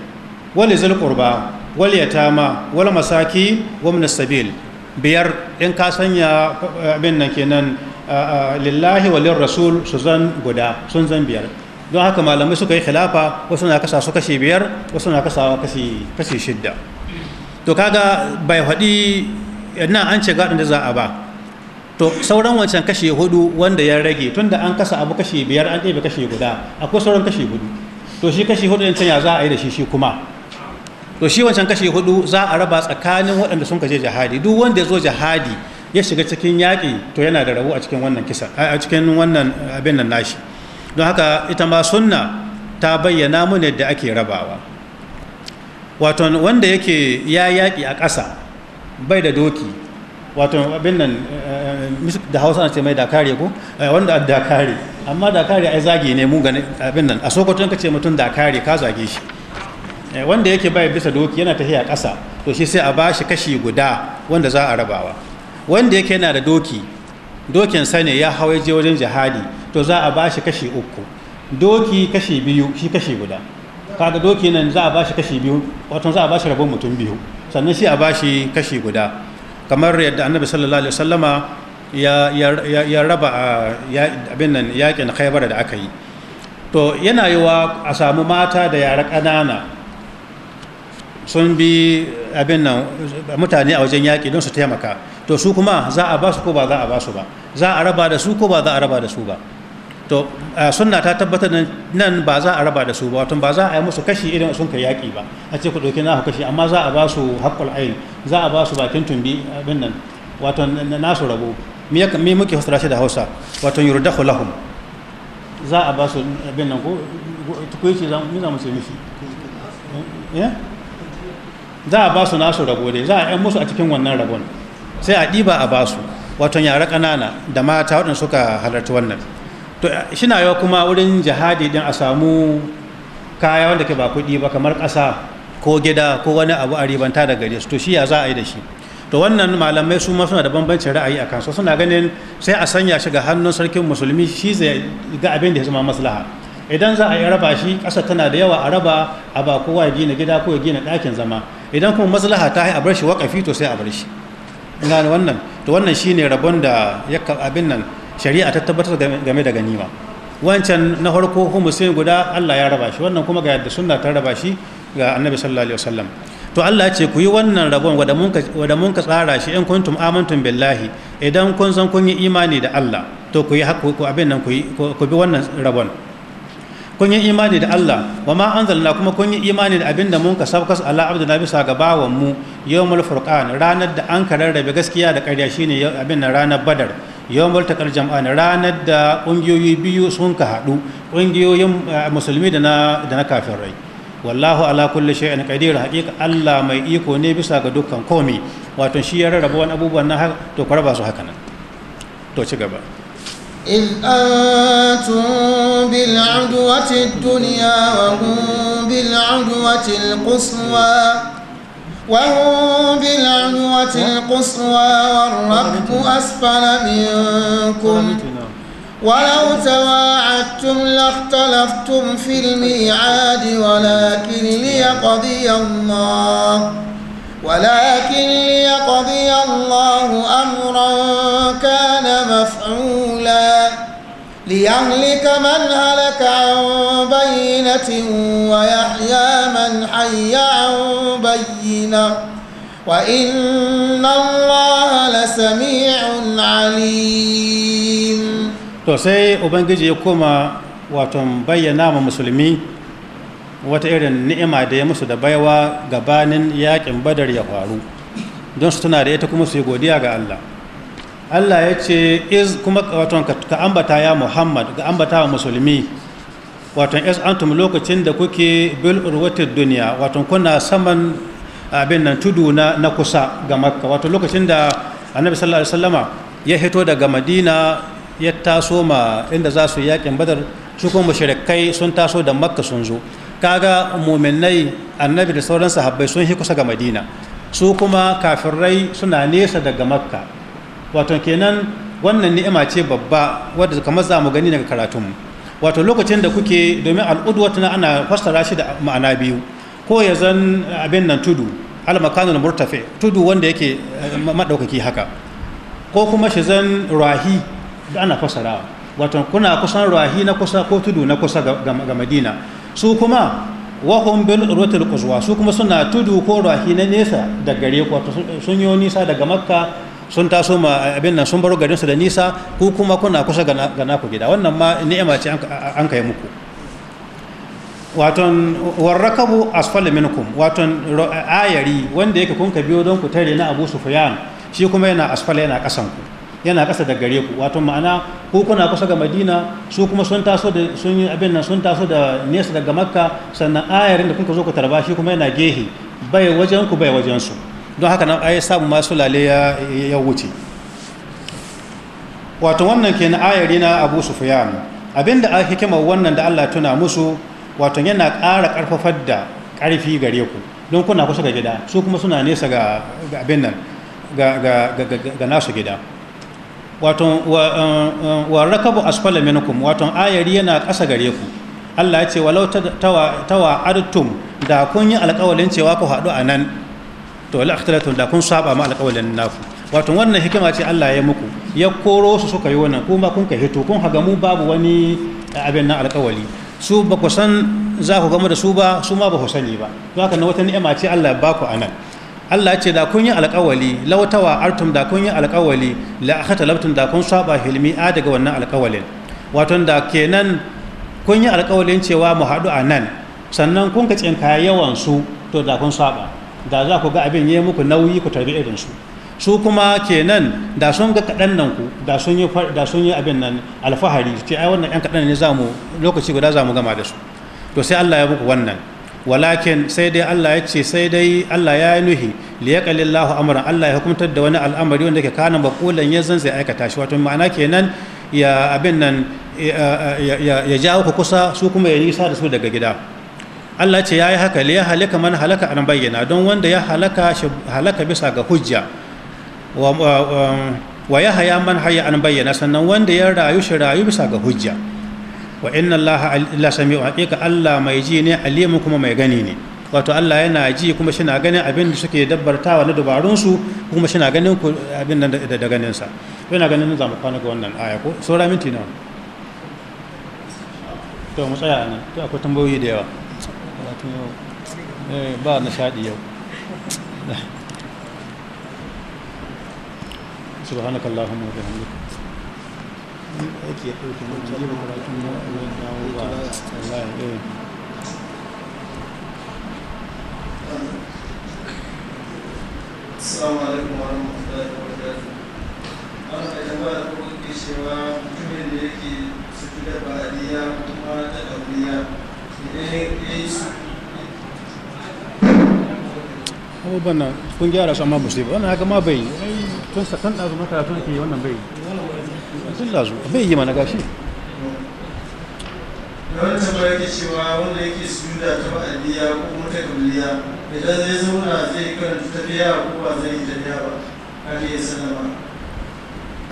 wali zulkurba wali yatama wal masaki wa min sabil biyar in ka sanya ah, abin nan kenan ah, lillahi walin rasul su zan guda sun zan biyar don haka malamai suka yi khilafa wasu na kasa su kashe biyar wasu na kasa kashe shidda to kaga bai faɗi nan an ce gaɗin da za a ba to sauran wancan kashe hudu wanda ya rage tunda an kasa abu kashe biyar an ɗebe kashe guda akwai sauran kashe hudu to shi kashe hudu can ya za a yi da shi shi kuma to shi wancan kashe hudu za a raba tsakanin waɗanda sun je jihadi duk wanda ya zo jihadi ya shiga cikin yaƙi to yana da rabo a cikin wannan kisa a cikin wannan abin nan nashi don haka ita ma sunna ta bayyana ne yadda ake rabawa wato wanda yake ya yaƙi a ƙasa bai da doki wato abin nan eh, eh, da hausa na ce mai dakare ko eh, wanda a dakare amma dakare ai zagi ne mun gani abin nan a sokoto ka ce mutum dakare ka zage shi wanda yake bai bisa doki yana tafiya ƙasa to shi sai a ba shi kashi guda wanda za a rabawa wanda yake yana da doki dokin sane ya hawa je wajen jihadi to za a bashi kashi uku doki kashi biyu shi kashi guda kaga doki nan za a bashi kashi biyu wato za a bashi rabon mutum biyu sannan shi a bashi kashi guda kamar yadda annabi sallallahu alaihi wasallama ya ya raba abin nan yakin khaybar da aka yi to yana yiwa a samu mata da yara ƙanana sun bi abin nan mutane a wajen yaƙi don su taimaka to su kuma za a ba su ko ba za a ba su ba za a raba da su ko ba za a raba da su ba to sunna ta tabbatar nan ba za a raba da su ba watan ba za a yi musu kashi idan sun kai yaƙi ba a ce ku ɗauki na kashi amma za a ba su haƙƙul ayin za a ba su bakin tumbi abin nan wato nasu rabo me muke fassara shi da Hausa wato yurdahu lahum za a ba su abin nan ko ku ce mu za mu ce mishi eh? za a ba su nasu rabo dai za a yi musu a cikin wannan rabon sai a ɗiba a ba su wato yara ƙanana da mata waɗanda suka halarci wannan to shina yau kuma wurin jihadi din a samu kaya wanda ke ba kuɗi ba kamar kasa ko gida ko wani abu a ribanta da gare su to shi ya za a yi da shi to wannan malamai su ma suna da bambancin ra'ayi a kansu suna ganin sai a sanya shi ga hannun sarkin musulmi shi zai ga abin da ya zama maslaha idan za a yi raba shi kasa tana da yawa a raba a ba kowa ya gina gida ko ya gina dakin zama idan kuma maslaha ta yi a bar shi waƙafi to sai a bar shi wannan to wannan shine rabon da ya abin nan shari'a ta tabbatar game da ganima wancan na farko musulmi guda Allah ya raba shi wannan kuma ga yadda sunna ta raba shi ga annabi sallallahu alaihi wasallam to Allah ce ku yi wannan rabon wada mun ka tsara shi in kuntum amantum billahi idan kun san kun yi imani da Allah to ku yi ku abin nan ku bi wannan rabon kun yi imani da Allah wa ma anzalna kuma kun yi imani da abin da mun ka sabkas abdu nabi sa ga bawan mu yawmul furqan ranar da an da gaskiya da ƙarya shine abin nan ranar badar yawan baltakar na ranar da ƙungiyoyi biyu sun ka haɗu ƙungiyoyin eh, musulmi da na kafin rai wallahu ala kulli shay'in qadir haqiqa Allah mai iko ne bisa ga dukkan komi wato shi ya rarraba wani abubuwan nan to ku raba su haka nan to ci gaba إذ أنتم بالعدوة الدنيا وهم بالعدوة القصوى وهم بالعدوة القصوى والركب أسفل منكم ولو تواعدتم لاختلفتم في الميعاد ولكن ليقضي الله ولكن ليقضي الله أمرا كان مفعولا ليهلك من هلك عن بينة ويحيى من حي عن بينة وإن الله لسميع عليم to sai ubangiji ya koma wato bayyana ma musulmi wata irin ni'ima da ya musu da baiwa gabanin yakin badar ya faru don su tana da ita kuma su yi godiya ga Allah Allah ya ce iz kuma wato ka ambata ya Muhammad ga ambata wa musulmi wato iz antum lokacin da kuke bil urwatid duniya wato kuna saman abin nan tudu na, na kusa ga Makka wato lokacin da Annabi sallallahu alaihi wasallama ya hito daga Madina ya taso ma inda za su yakin Badar su kuma mushrikai sun taso da Makka sun zo kaga muminai Annabi da sauran sahabbai sun hi kusa ga Madina su kuma kafirai suna nesa daga Makka wato kenan wannan ni'ima ce babba wadda kamar za mu gani daga karatun wato lokacin da kuke domin al'udwatu ana fasara shi da ma'ana biyu ko ya zan abin nan tudu almakanul murtafi tudu wanda yake eh, maɗaukaki haka ko kuma shi zan rahi da ana fasara. wato kuna kusan rahi na kusa ko tudu na kusa ga madina su kuma wahum bil urwatul quswa su kuma suna tudu ko rahi na nesa da gare sun yi nisa daga makka sun taso ma abin nan sun baro garinsu da nisa ku kuma kuna kusa ga naku gida wannan ma ni'ima ce an kai muku waton warrakabu asfala minkum waton ayari wanda yake kun ka biyo don ku tare na Abu Sufyan shi kuma yana asfala yana kasan ku yana kasa da gare ku waton ma'ana ku kuna kusa ga Madina su kuma sun taso da sun yi abin nan sun taso da nesa daga Makka sannan ayarin da kun ka zo ku tarba shi kuma yana gehe bai wajen ku bai wajen su don haka nan ayi samu masu lale ya wuce wato wannan ke na ayari na abu fiyan abinda a hikimar wannan da allah tuna musu wato yana kara ƙarfafar da karfi gare ku don kuna kusa ga gida su kuma suna nesa ga abin nan ga nasu gida wato eh, eh, wa rakabu asfala minkum wato ayari yana ƙasa gare ku allah ya ce walau tawa adtum da kun yi alƙawalin cewa ku haɗu a nan to la ikhtilatun da kun saba ma alƙawalin naku wato wannan hikima ce Allah ya muku ya koro su suka yi wannan kuma kun kai hito kun haga mu babu wani eh, abin nan alƙawali su ba ku san za ku gama da su ba su ma ba ku sani ba to haka na wata ni'ima ce Allah ya baku anan Allah ce da kun yi alƙawali wa artum da kun yi alƙawali la akhtalabtum da kun saba hilmi a daga wannan alƙawalin wato da kenan kun yi alƙawalin cewa mu haɗu anan sannan kun ka tsinka yawan su to da kun saba da za ku ga abin yi muku nauyi ku tarbi irin su su kuma kenan da sun ga kaɗan nan ku da sun yi abin nan alfahari ce ai wannan ɗan kaɗan ne za mu lokaci guda za mu gama da su to sai Allah ya muku wannan walakin sai dai Allah ya ce sai dai Allah ya yi nuhi liyaqalillahu amran Allah ya hukuntar da wani al'amari wanda ke kana maqulan ya zan sai aikata shi wato ma'ana kenan ya abin nan ya jawo ku kusa su kuma ya nisa da su daga gida Allah ce ya yi haka ya halaka man halaka an bayyana don wanda ya halaka halaka bisa ga hujja wa ya haya man haya an bayyana sannan wanda ya rayu shi rayu bisa ga hujja wa inna Allah illa sami'u haqiqa Allah mai ji ne alimu kuma mai gani ne wato Allah yana ji kuma shi na ganin abin da suke dabbartawa na dabarunsu kuma shi na ganin ku abin da sa yana ganin za mu kwana ga wannan aya ko saura minti nawa to mu tsaya nan to akwai tambayoyi da yawa lakin yau eh ba nishadi سبحانك اللهم وبحمدك السلام عليكم ورحمة الله وبركاته. أنا أتمنى أقول لك شيئا مجمل لك سجود بعدية وما تدعونية. بنا كن جارا شو ما بسيب بنا هك ما بيجي تون سكن لازم ما ترى تون كي يوم نبي تون لازم بيجي ما نكاشي لون تبغي كشوا هون ليك سيدا تبع أديا وكمته كليا إذا زي زمان زي كن تبيا وكم زي جنيا أدي سلام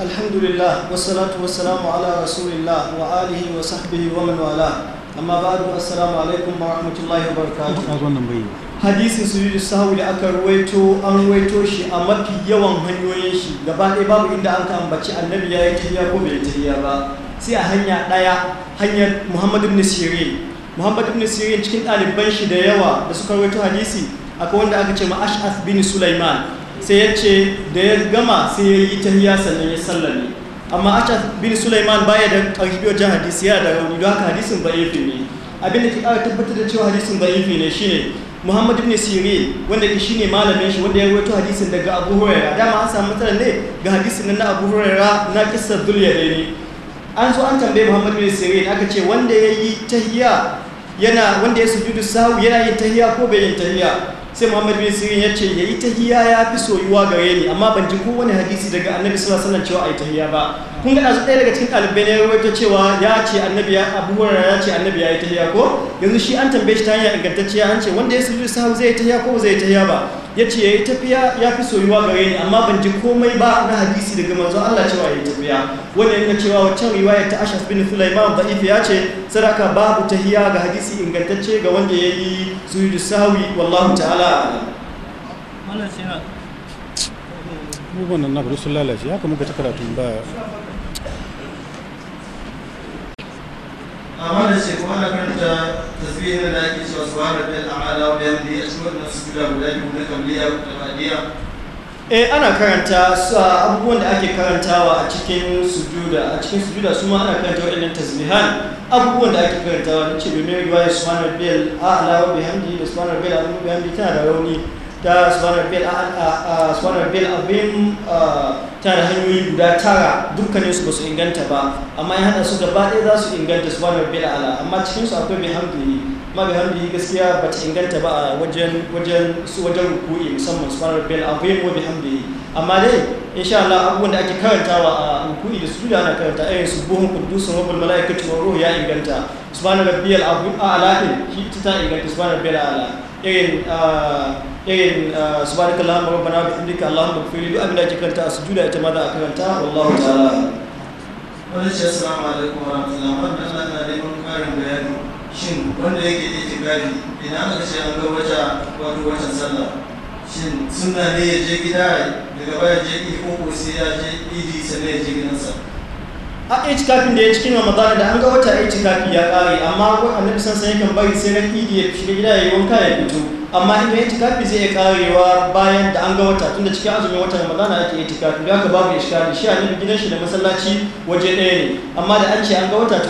الحمد لله والصلاة والسلام على رسول الله وآله وصحبه ومن والاه amma ba'du assalamu alaikum wa rahmatullahi wa barakatuh hadisin yi sahwi da aka ruwaito an ruwaito shi a mafi yawan hanyoyin shi gaba ɗaya babu inda an ka ambaci annabi ya yi tariya ko bai tariya ba sai a hanya ɗaya hanyar muhammad ibn sirri muhammad ibn sirri cikin ɗaliban shi da yawa da suka ruwaito hadisi akwai wanda aka ce ma ash'af bin sulaiman sai ya ce da ya gama sai ya yi tariya sannan ya sallame amma ashas bin Suleiman baya da karfi wajen hadisi yana da rauni don haka hadisin ba'ifi ne abin da ke ƙara tabbatar da cewa hadisin ba'ifi ne shine muhammad ibn Sire wanda ke shine malamin shi wanda ya rawaito hadisin daga abu huraira dama an samu matsala ne ga hadisin nan na abu huraira na kissar dulya ne an zo an tambaye muhammad ibn sirin aka ce wanda ya yi tahiya yana wanda ya sujudu sahu yana yin tahiya ko bai yin tahiya sai muhammad bin sirin ya ce yayi tahiya ya fi soyuwa gare ni amma ban ji kowane hadisi daga annabi sallallahu alaihi wasallam cewa ayi tahiya ba kun ga ɗazu ɗaya daga cikin ɗalibai ne ta cewa ya ce annabi ya abubuwan ya ce annabi ya yi ta ko yanzu shi an tambaye shi ta hanyar ingantacciya an ce wanda ya su zuwa sahu zai yi tahiya ko zai yi tahiya ba ya ce ya yi tafiya ya fi soyuwa gare ni amma ban ji komai ba na hadisi daga manzo Allah cewa ya yi tafiya wani yana cewa waccan riwaya ta Ashaf bin Sulaiman da'if ya ce sadaka babu hiya ga hadisi ingantacce ga wanda ya yi sujudu sahwi wallahu ta'ala abubuwan nan na bari sun lalace haka muka ta karatu ba amma da shi kuma ana karanta tasbihin da ake cewa subhana rabbil a'la wa bihamdihi a cikin wannan sujuda guda biyu na kamliya da fadiya eh ana karanta su abubuwan da ake karantawa a cikin sujuda a cikin sujuda su ma ana karanta waɗannan tasbihan abubuwan da ake karantawa nace domin riwayar subhana rabbil a'la wa bihamdihi da subhana rabbil a'la wa bihamdihi tana da rauni ta subhanahu a subhanahu rabbil tana hanyoyi guda tara dukkanin su basu inganta ba amma ya hada su gaba ɗaya za su inganta subhanahu rabbil ala amma cikin su akwai bihamdihi amma bihamdihi gaskiya ba ta inganta ba a wajen su wajen ruku'i musamman subhanahu rabbil azim wa yi amma dai insha Allah abubuwan da ake karantawa a ruku'i da sujuda ana karanta irin su buhun kudusun rabbul malaikatu wa ruhu ya inganta subhanahu rabbil azim shi ta inganta subhanahu rabbil ala irin irin subhanakallah rabbana wa bihamdika allahumma ighfir li duk abin da ake karanta a ita ma za a karanta wallahu ta'ala wani ce assalamu alaikum wa rahmatullahi wa barakatuh na neman karin bayani shin wanda yake tibari ina aka ce an ga wata wato wata sallah shin sunna ne ya je gida daga baya je ko ko sai ya je idi sannan ya je gidansa a itikafin da ya cikin ramadana da an ga wata itikafi ya kare amma ko annabi san sai yakan bari sai na idi ya shiga gida ya yi wanka ya fito amma inda itikafi zai iya karewa bayan da an ga wata tunda cikin azumin watan ramadana ake itikafi da haka babu iskali shi a nufi gidan shi da masallaci waje ɗaya ne amma da an ce an ga wata to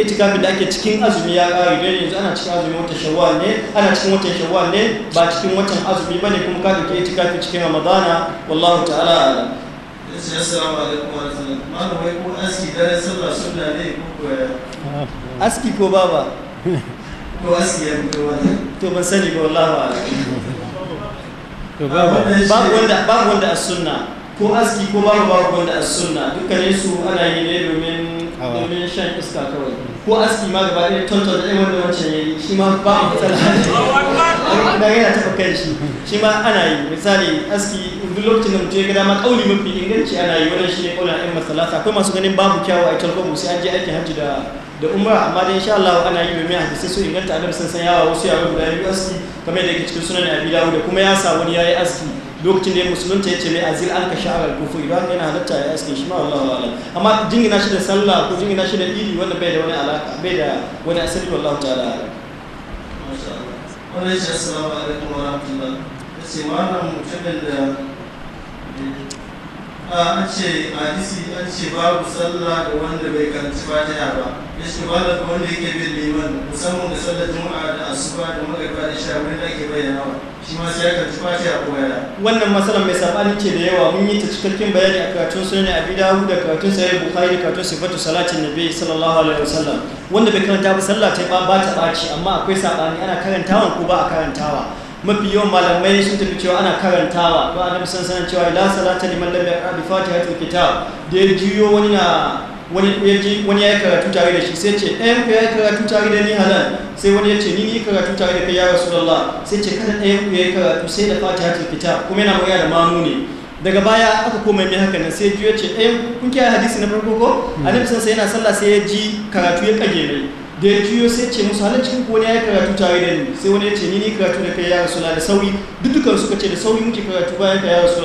itikafi da ake cikin azumi ya kare don yanzu ana cikin azumin wata shawwal ne ana cikin watan shawwal ne ba cikin watan azumi bane kuma ka dauki itikafi cikin ramadana wallahu ta'ala Ah. aski ko baba ko aski ya fito wani to ban sani ba wallahi ba babu wanda ba wanda as sunna ko aski ko baba ba wanda as sunna dukkanin su ana yi ne domin domin shan iska kawai ko aski ma gaba ɗaya tonton da ɗaya wanda wancan yayi shi ma ba a matsala da yana taɓa kan shi shi ma ana yi misali aski duk lokacin da mutum ya gada ma ƙauli mafi inganci ana yi wannan shi ne ƙaunar ɗayan masalata akwai masu ganin babu kyawu a ita mu sai an je aikin hajji da da umra amma dai insha Allah ana yi domin hadisi su inganta annabi sun san yawa wasu yawa guda biyu aski kamar yadda yake cikin sunan Abi da kuma ya sa wani yayi aski lokacin da ya musulunta ya ce mai azil an ka sha'arar kufu idan yana halatta ya aske shi ma wallahu alam amma jingina shi da sallah ko jingina shi da idi wanda bai da wani alaka bai da wani asali wallahu ta'ala wannan shi assalamu alaikum wa rahmatullah ce wannan mutumin da an ce hadisi an ce babu sallah da wanda bai karanci fatiha ba ya ce ba da wanda yake bin liman musamman da sallar juma'a da asuba da magariba da shawarar da ake bayyanawa wannan matsalar mai sabani ce da yawa mun yi ta cikakken bayani a karatun sunan abi dawud da karatun sahih bukhari da karatun sifatu salatin nabi sallallahu alaihi wasallam wanda bai karanta ba sallah ta ba ta baci amma akwai saɓani ana karantawa ko ba a karantawa mafi yawan malamai sun tafi cewa ana karantawa to annabi san sanan cewa la salata liman lam yaqra bi fatihatil kitab da jiyo wani na wani ya ji wani ya karatu tare da shi sai ce ɗayan ku ya karatu tare da ni halal sai wani ya ce ni ni karatu tare da kai ya rasulullah sai ce kada ɗayan ku ya karatu sai da fatihatul fita. kuma yana magana da mamu ne daga baya aka koma mai haka nan sai ya ce ɗayan kun kiyaye hadisi na farko ko hmm. annabi sai yana sallah sai ya ji karatu ya kage mai da ya juyo sai ce musu halin cikin wani ya yi karatu tare da ni sai wani ya ce ni ne karatu da kai ya rasu da sauri duk dukan suka ce da sauri muke karatu bayan ka ya rasu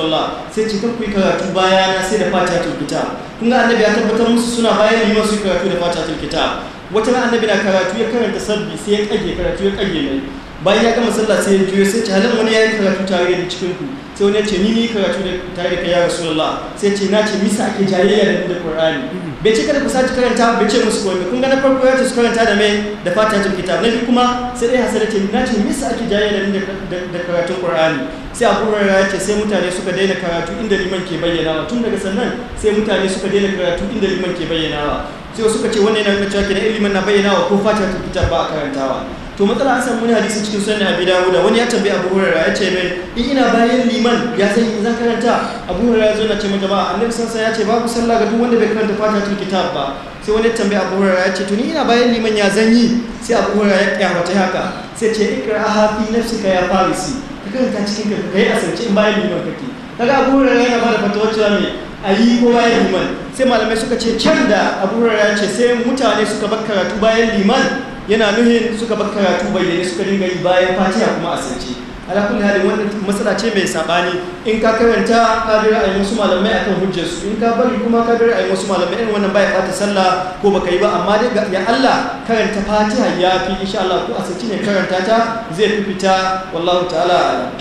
sai ce kan kuyi karatu bayana sai da fata ta fita kun ga annabi ya tabbatar musu suna bayan yi masu karatu da mata kitab wata ran annabi na karatu ya karanta sabbi sai ya kage karatu ya kage mai bayan ya gama sallah sai ya juyo sai ta halin wani ya yi karatu tare da cikin ku sai wani ce ni ni karatu da tare da kai ya Allah sai ce na ce misa ake jayayya da da qur'ani bai ce kada ku sace karanta bai ce musu komai kun gana farko ya ce su karanta da mai da fatihatul kitab na kuma sai dai hasara ce na ce misa ake jayayya da karatun ƙur'ani sai abu ya ce sai mutane suka daina karatu inda liman ke bayyana wa. tun daga sannan sai mutane suka daina karatu inda liman ke bayyana wa sai suka ce wannan yana nuna cewa kenan ilimin na bayyana wa ko fatihatul kitab ba a karantawa to matsala an samu wani hadisi cikin sunan abi dawuda wani ya tambaye abu hurara ya ce mai in ina bayan liman ya zai yi zan karanta abu hurara ya zo na ce ma jama'a annabi sansa ya ce babu sallah ga duk wanda bai karanta fata tun kitab ba sai wani ya tambaye abu hurara ya ce to ni ina bayan liman ya zan yi sai abu hurara ya ta haka sai ce ikraha fi nafsika ya farisi ka karanta cikin ka kai asirce in bayan liman kake kaga abu hurara yana ba da fatawar cewa me ayi ko bayan liman sai malamai suka ce can da abu hurara ya ce sai mutane suka bakkara tu bayan liman yana nuhin suka bar karatu bayyane suka dinga yi bayan fatiha kuma a sance ala kulli halin wannan matsala ce mai sabani in ka karanta ka bi ra'ayin wasu malamai akan hujjar su in ka bari kuma ka bi ra'ayin wasu malamai irin wannan baya bata sallah ko baka yi ba amma dai ya Allah karanta fatiha ya fi insha Allah ko a sance ne karanta ta zai fi fita wallahu ta'ala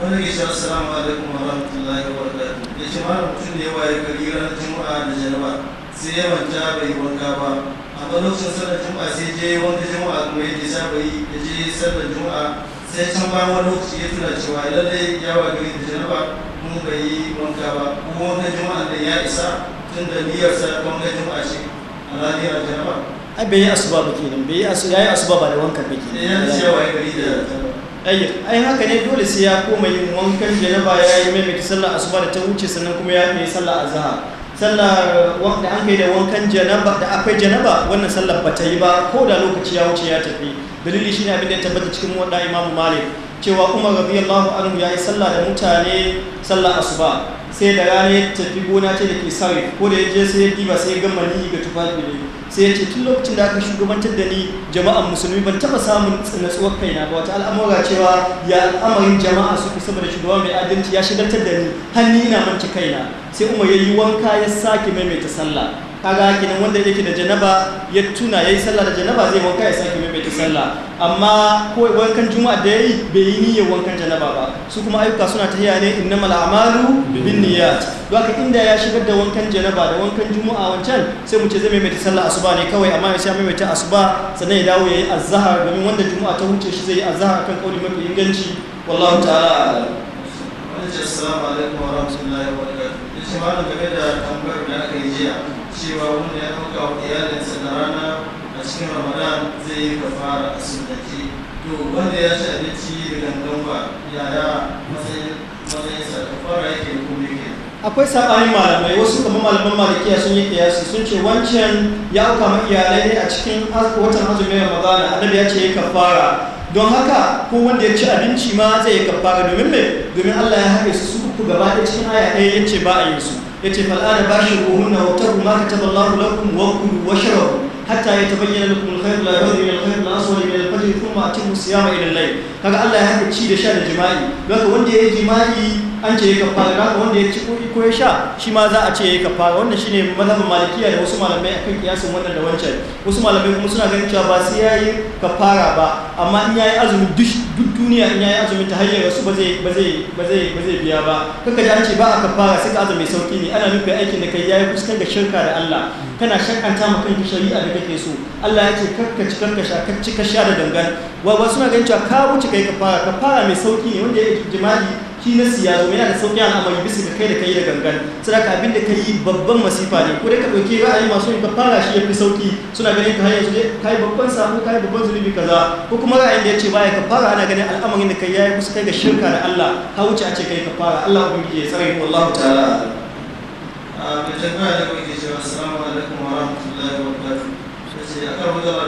wani ya assalamu alaikum wa rahmatullahi wa barakatuh ya ce malam mutum da yawa ya kari ranar juma'a da janaba sai ya manta bai wanka ba amma lokacin sallar juma'a sai je wanda juma'a kuma yake saba yi ya je sallar juma'a sai can bayan wani lokaci ya tuna cewa lallai ya wa gari da janaba mun bai yi wanka ba kuma wannan juma'a da ya isa tun da niyyarsa wanka juma'a ce a a janaba ai bai yi asuba ba kenan bai yi asuba yayi asuba ba da wankan ba kenan ya ce wa gari da ai haka ne dole sai ya koma yin wankan janaba ya yi mai sallar asuba da ta wuce sannan kuma ya yi sallar azhar sallar eh, wanda an kai da wankan janaba da akwai janaba wannan sallar ba ta yi ba ko da lokaci ya wuce ya tafi dalili shine abin da ya tabbata cikin wanda imamu malik cewa umar radiyallahu anhu ya yi sallah da mutane sallar asuba sai da rana ya tafi gona ce da ke sarri ko da ya je sai ya diba sai ya gama ni ga tufafi ne sai ya ce tun lokacin da aka shugabantar da ni jama'an musulmi ban taba samun tsinatsuwar kaina ba wata al'amura cewa ya al'amarin jama'a su fi saboda shugaba mai adalci ya shigar da ni hannu ina mance kaina sai umar ya yi wanka ya sake maimaita sallah kaga kin wanda yake da janaba ya tuna yayi sallah da janaba zai wanka ya saki mai ta sallah amma ko wankan juma'a da yayi bai yi niyyar wankan janaba ba su kuma ayyuka suna tahiya ne innamal a'malu binniyat don inda ya shigar da wankan janaba da wankan juma'a wancan sai mu ce zai mai ta sallah asuba ne kawai amma ya mai ta asuba sannan ya dawo yayi azhar domin wanda juma'a ta huce shi zai yi azhar kan kauli mafi inganci wallahu ta'ala assalamu alaikum wa rahmatullahi wa barakatuh. da game da tambayar da aka yi jiya cewa wanda ya hauka wa iyalinsa na rana a cikin ramadan zai yi kafara a sunnaki to wanda ya ci abinci da gangan ba yaya sa kafara yake ko yake akwai saɓanin malamai wasu kamar malaman malikiya sun yi kiyasi sun ce wancan ya auka ma iyalai ne a cikin watan azumin Magana, annabi ya ce kafara don haka ko wanda ya ci abinci ma zai yi kafara domin me domin Allah ya haɗe su su uku gaba ɗaya cikin aya ɗaya ya ce ba a yi su yace fal ana bashiruhunna wabtagu ma kataballahu lakum wa kulu washrabu hatta yatabayyana lakum al-khayr al-abyad min mai khayr al-aswad min al thumma atimmu siyama ila al-layl kaga Allah ya haɗa ci da sha da jima'i kaga wanda ya yi jima'i an ce ya kafara haka wanda ya ci ko ya sha shi ma za a ce ya kafara wannan shine mazhabin malikiya da wasu malamai akan kiyasin wannan da wancan wasu malamai kuma suna ganin cewa ba sai yi kafara ba amma in ya yi azumi duk duniya in ya yi azumi ta hanyar wasu ba zai ba biya ba kaka da an ce ba a kafara sai ka azumi sauki ne ana nufin aikin da kai yi fuskan da shirka da Allah kana shakanta ma kanka shari'a da kake so Allah ya ce karka ci karka sha ka ci ka sha da dangan wa suna suna ganin cewa ka wuce kai kafara kafara mai sauki ne wanda ya yi jima'i ki na siya domin yana da sauƙi al'amari bisa ga kai da kai da gangan ka abin da kai babban masifa ne ko dai ka ɗauki ra'ayi masu yin ka fara shi ya fi sauƙi suna ganin ka hanyar su kai babban samu kai babban zunubi kaza ko kuma ra'ayin da ya ce baya ka fara ana ganin al'amarin da kai ya yi kusa kai ga shirka da Allah ka wuce a ce kai ka fara Allah ubangiji ya tsare ku Allah ta'ala a bi tambaya da kuke cewa assalamu alaikum wa rahmatullahi wa barakatuh sai a karɓar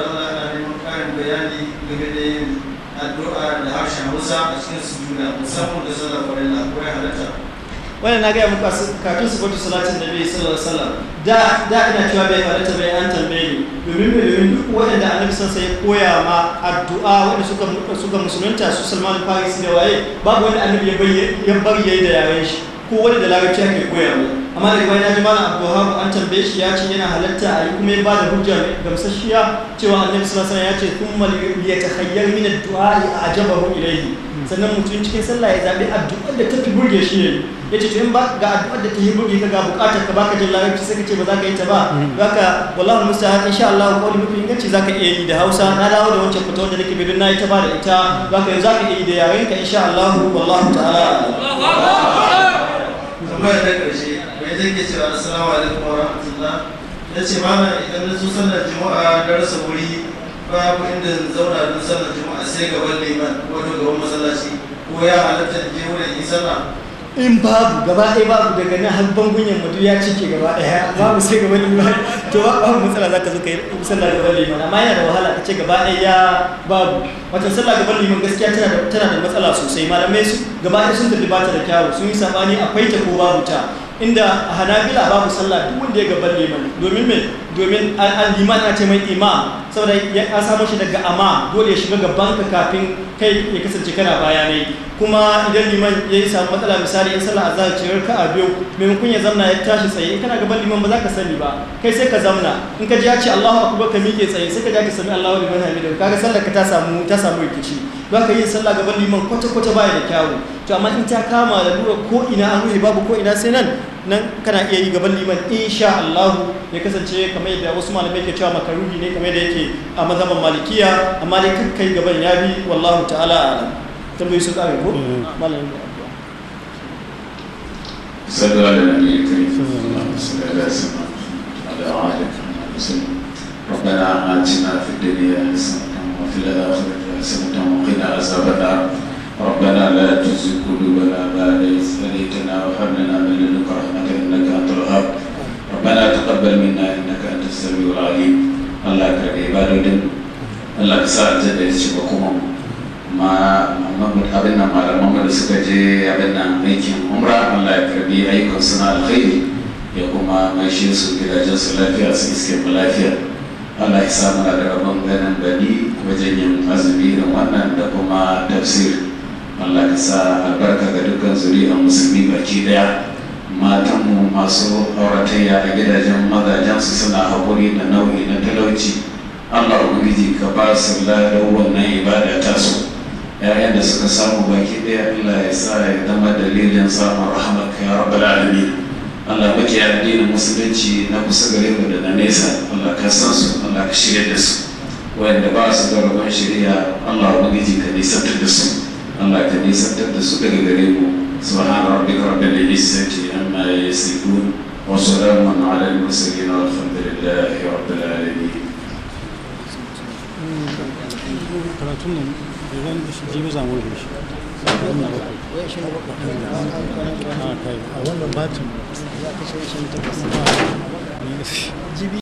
alƙur'ani da harshen Hausa a cikin sujuda musamman da da farilla ko ya halatta wannan na gaya muku a kafin su kwatu salatin da bai sallar sallar da da ina cewa bai halatta bai an tambaye ni domin mai domin duk waɗanda annabi san sai koya ma addu'a wanda suka suka musulunta su Salman faris da waye babu wanda annabi ya bari yayi da yaren shi ko wani da larabci ake koyarwa amma da bayan ya ji abu abdulhab an tambaye shi ya ce yana halatta a yi kuma ya ba da hujja gamsasshiya cewa annabi sallallahu alaihi ya ce ya liyatakhayyar min ad-du'a ajabahu ilayhi sannan mutum cikin sallah ya zabi addu'ar da ta fi burge shi ne yace to in ba ga addu'ar da ta yi burge ka ga bukatar ka baka jin lagarci sai ka ce ba za ka yi ta ba zaka wallahi musta'an insha Allah wani mafi inganci za ka iya yi da Hausa na dawo da wancan fitowar da nake bidin na yi ta ba da ita ka yi za ka iya yi da yarenka insha Allah wallahu ta'ala tambaya ta ƙarshe mai zai ke cewa assalamu alaikum wa rahmatullah ya ce mana idan na zo sallar juma'a na rasa wuri babu inda zauna don sallar juma'a sai gaban liman wato gaban masallaci ko ya halatta in je wurin yi sallah in babu gaba ɗaya babu daga nan har yamma duk ya cike gaba ɗaya babu sai gaba ɗaya to ba babu matsala za ka zo ka yi sallah gaba liman amma yana da wahala ka ce gaba ɗaya babu wata sallah gaba liman gaskiya tana da matsala sosai malamai su gaba ɗaya sun tafi bata da kyawu sun yi sabani akwai ta ko babu ta inda a hanabila babu sallah duk wanda ya gaba liman domin me domin al-iman a ce mai imam saboda ya samu shi daga ama dole ya shiga gaban ka kafin kai ya kasance kana baya ne kuma idan liman ya yi samu matsala misali in sallah azhar ce ka a biyu maimakon ya zamna ya tashi tsaye in kana gaban liman ba za ka sani ba kai sai ka zamna in ka ji ya ce Allahu akbar ka miƙe tsaye sai ka ji ka sami Allahu liman hamidu kaga sallar ka ta samu ta samu rikici don ka yin sallah gaban liman kwata-kwata baya da kyawu to amma in ta kama da duka ko ina an rufe babu ko ina sai nan nan kana iya yi gaban liman sha Allah ya kasance kamar yadda wasu malamai ke cewa makaruhi ne kamar yadda yake a mazhaban malikiya amma dai kai gaban ya bi wallahu ta'ala alam tambayi su kare ko malamin da abuwa ربنا آتنا في الدنيا حسنة وفي الآخرة حسنة وقنا عذاب النار ربنا لا تزغ قلوبنا بعد إذ هديتنا وهب لنا من لدنك رحمة إنك أنت الوهاب ربنا تقبل منا إنك أنت السميع العليم الله كريم عبادنا الله كسر جد يشبكهم ما abin nan malaman da suka je abin nan aikin umra Allah ya karbi ayyukan suna alkhairi ya kuma maishe su gidajen su lafiya su iske mu lafiya Allah ya samu da rabon ganin gani wajen yin azumi da wannan da kuma tafsiri Allah ka sa albarka ga dukkan zuri'an musulmi baki daya matanmu masu auratayya a gidajen mazajensu suna haƙuri da nau'i na talauci Allah ubangiji ka ba su ladan wannan ibada ta su yayan da suka samu baki daya Allah ya sa ya zama dalilin samun rahamarka ya rabbal alamin Allah baki addinin musulunci na kusa gare mu da na nesa Allah ka san su Allah ka shirya da su wayanda ba su da rabon shari'a Allah ubangiji ka nisantar da su Allah ta nisantar da su سبحان ربك رب العزة أما يصفون وسلام على المرسلين والحمد لله رب العالمين. آه، طيب. جيبي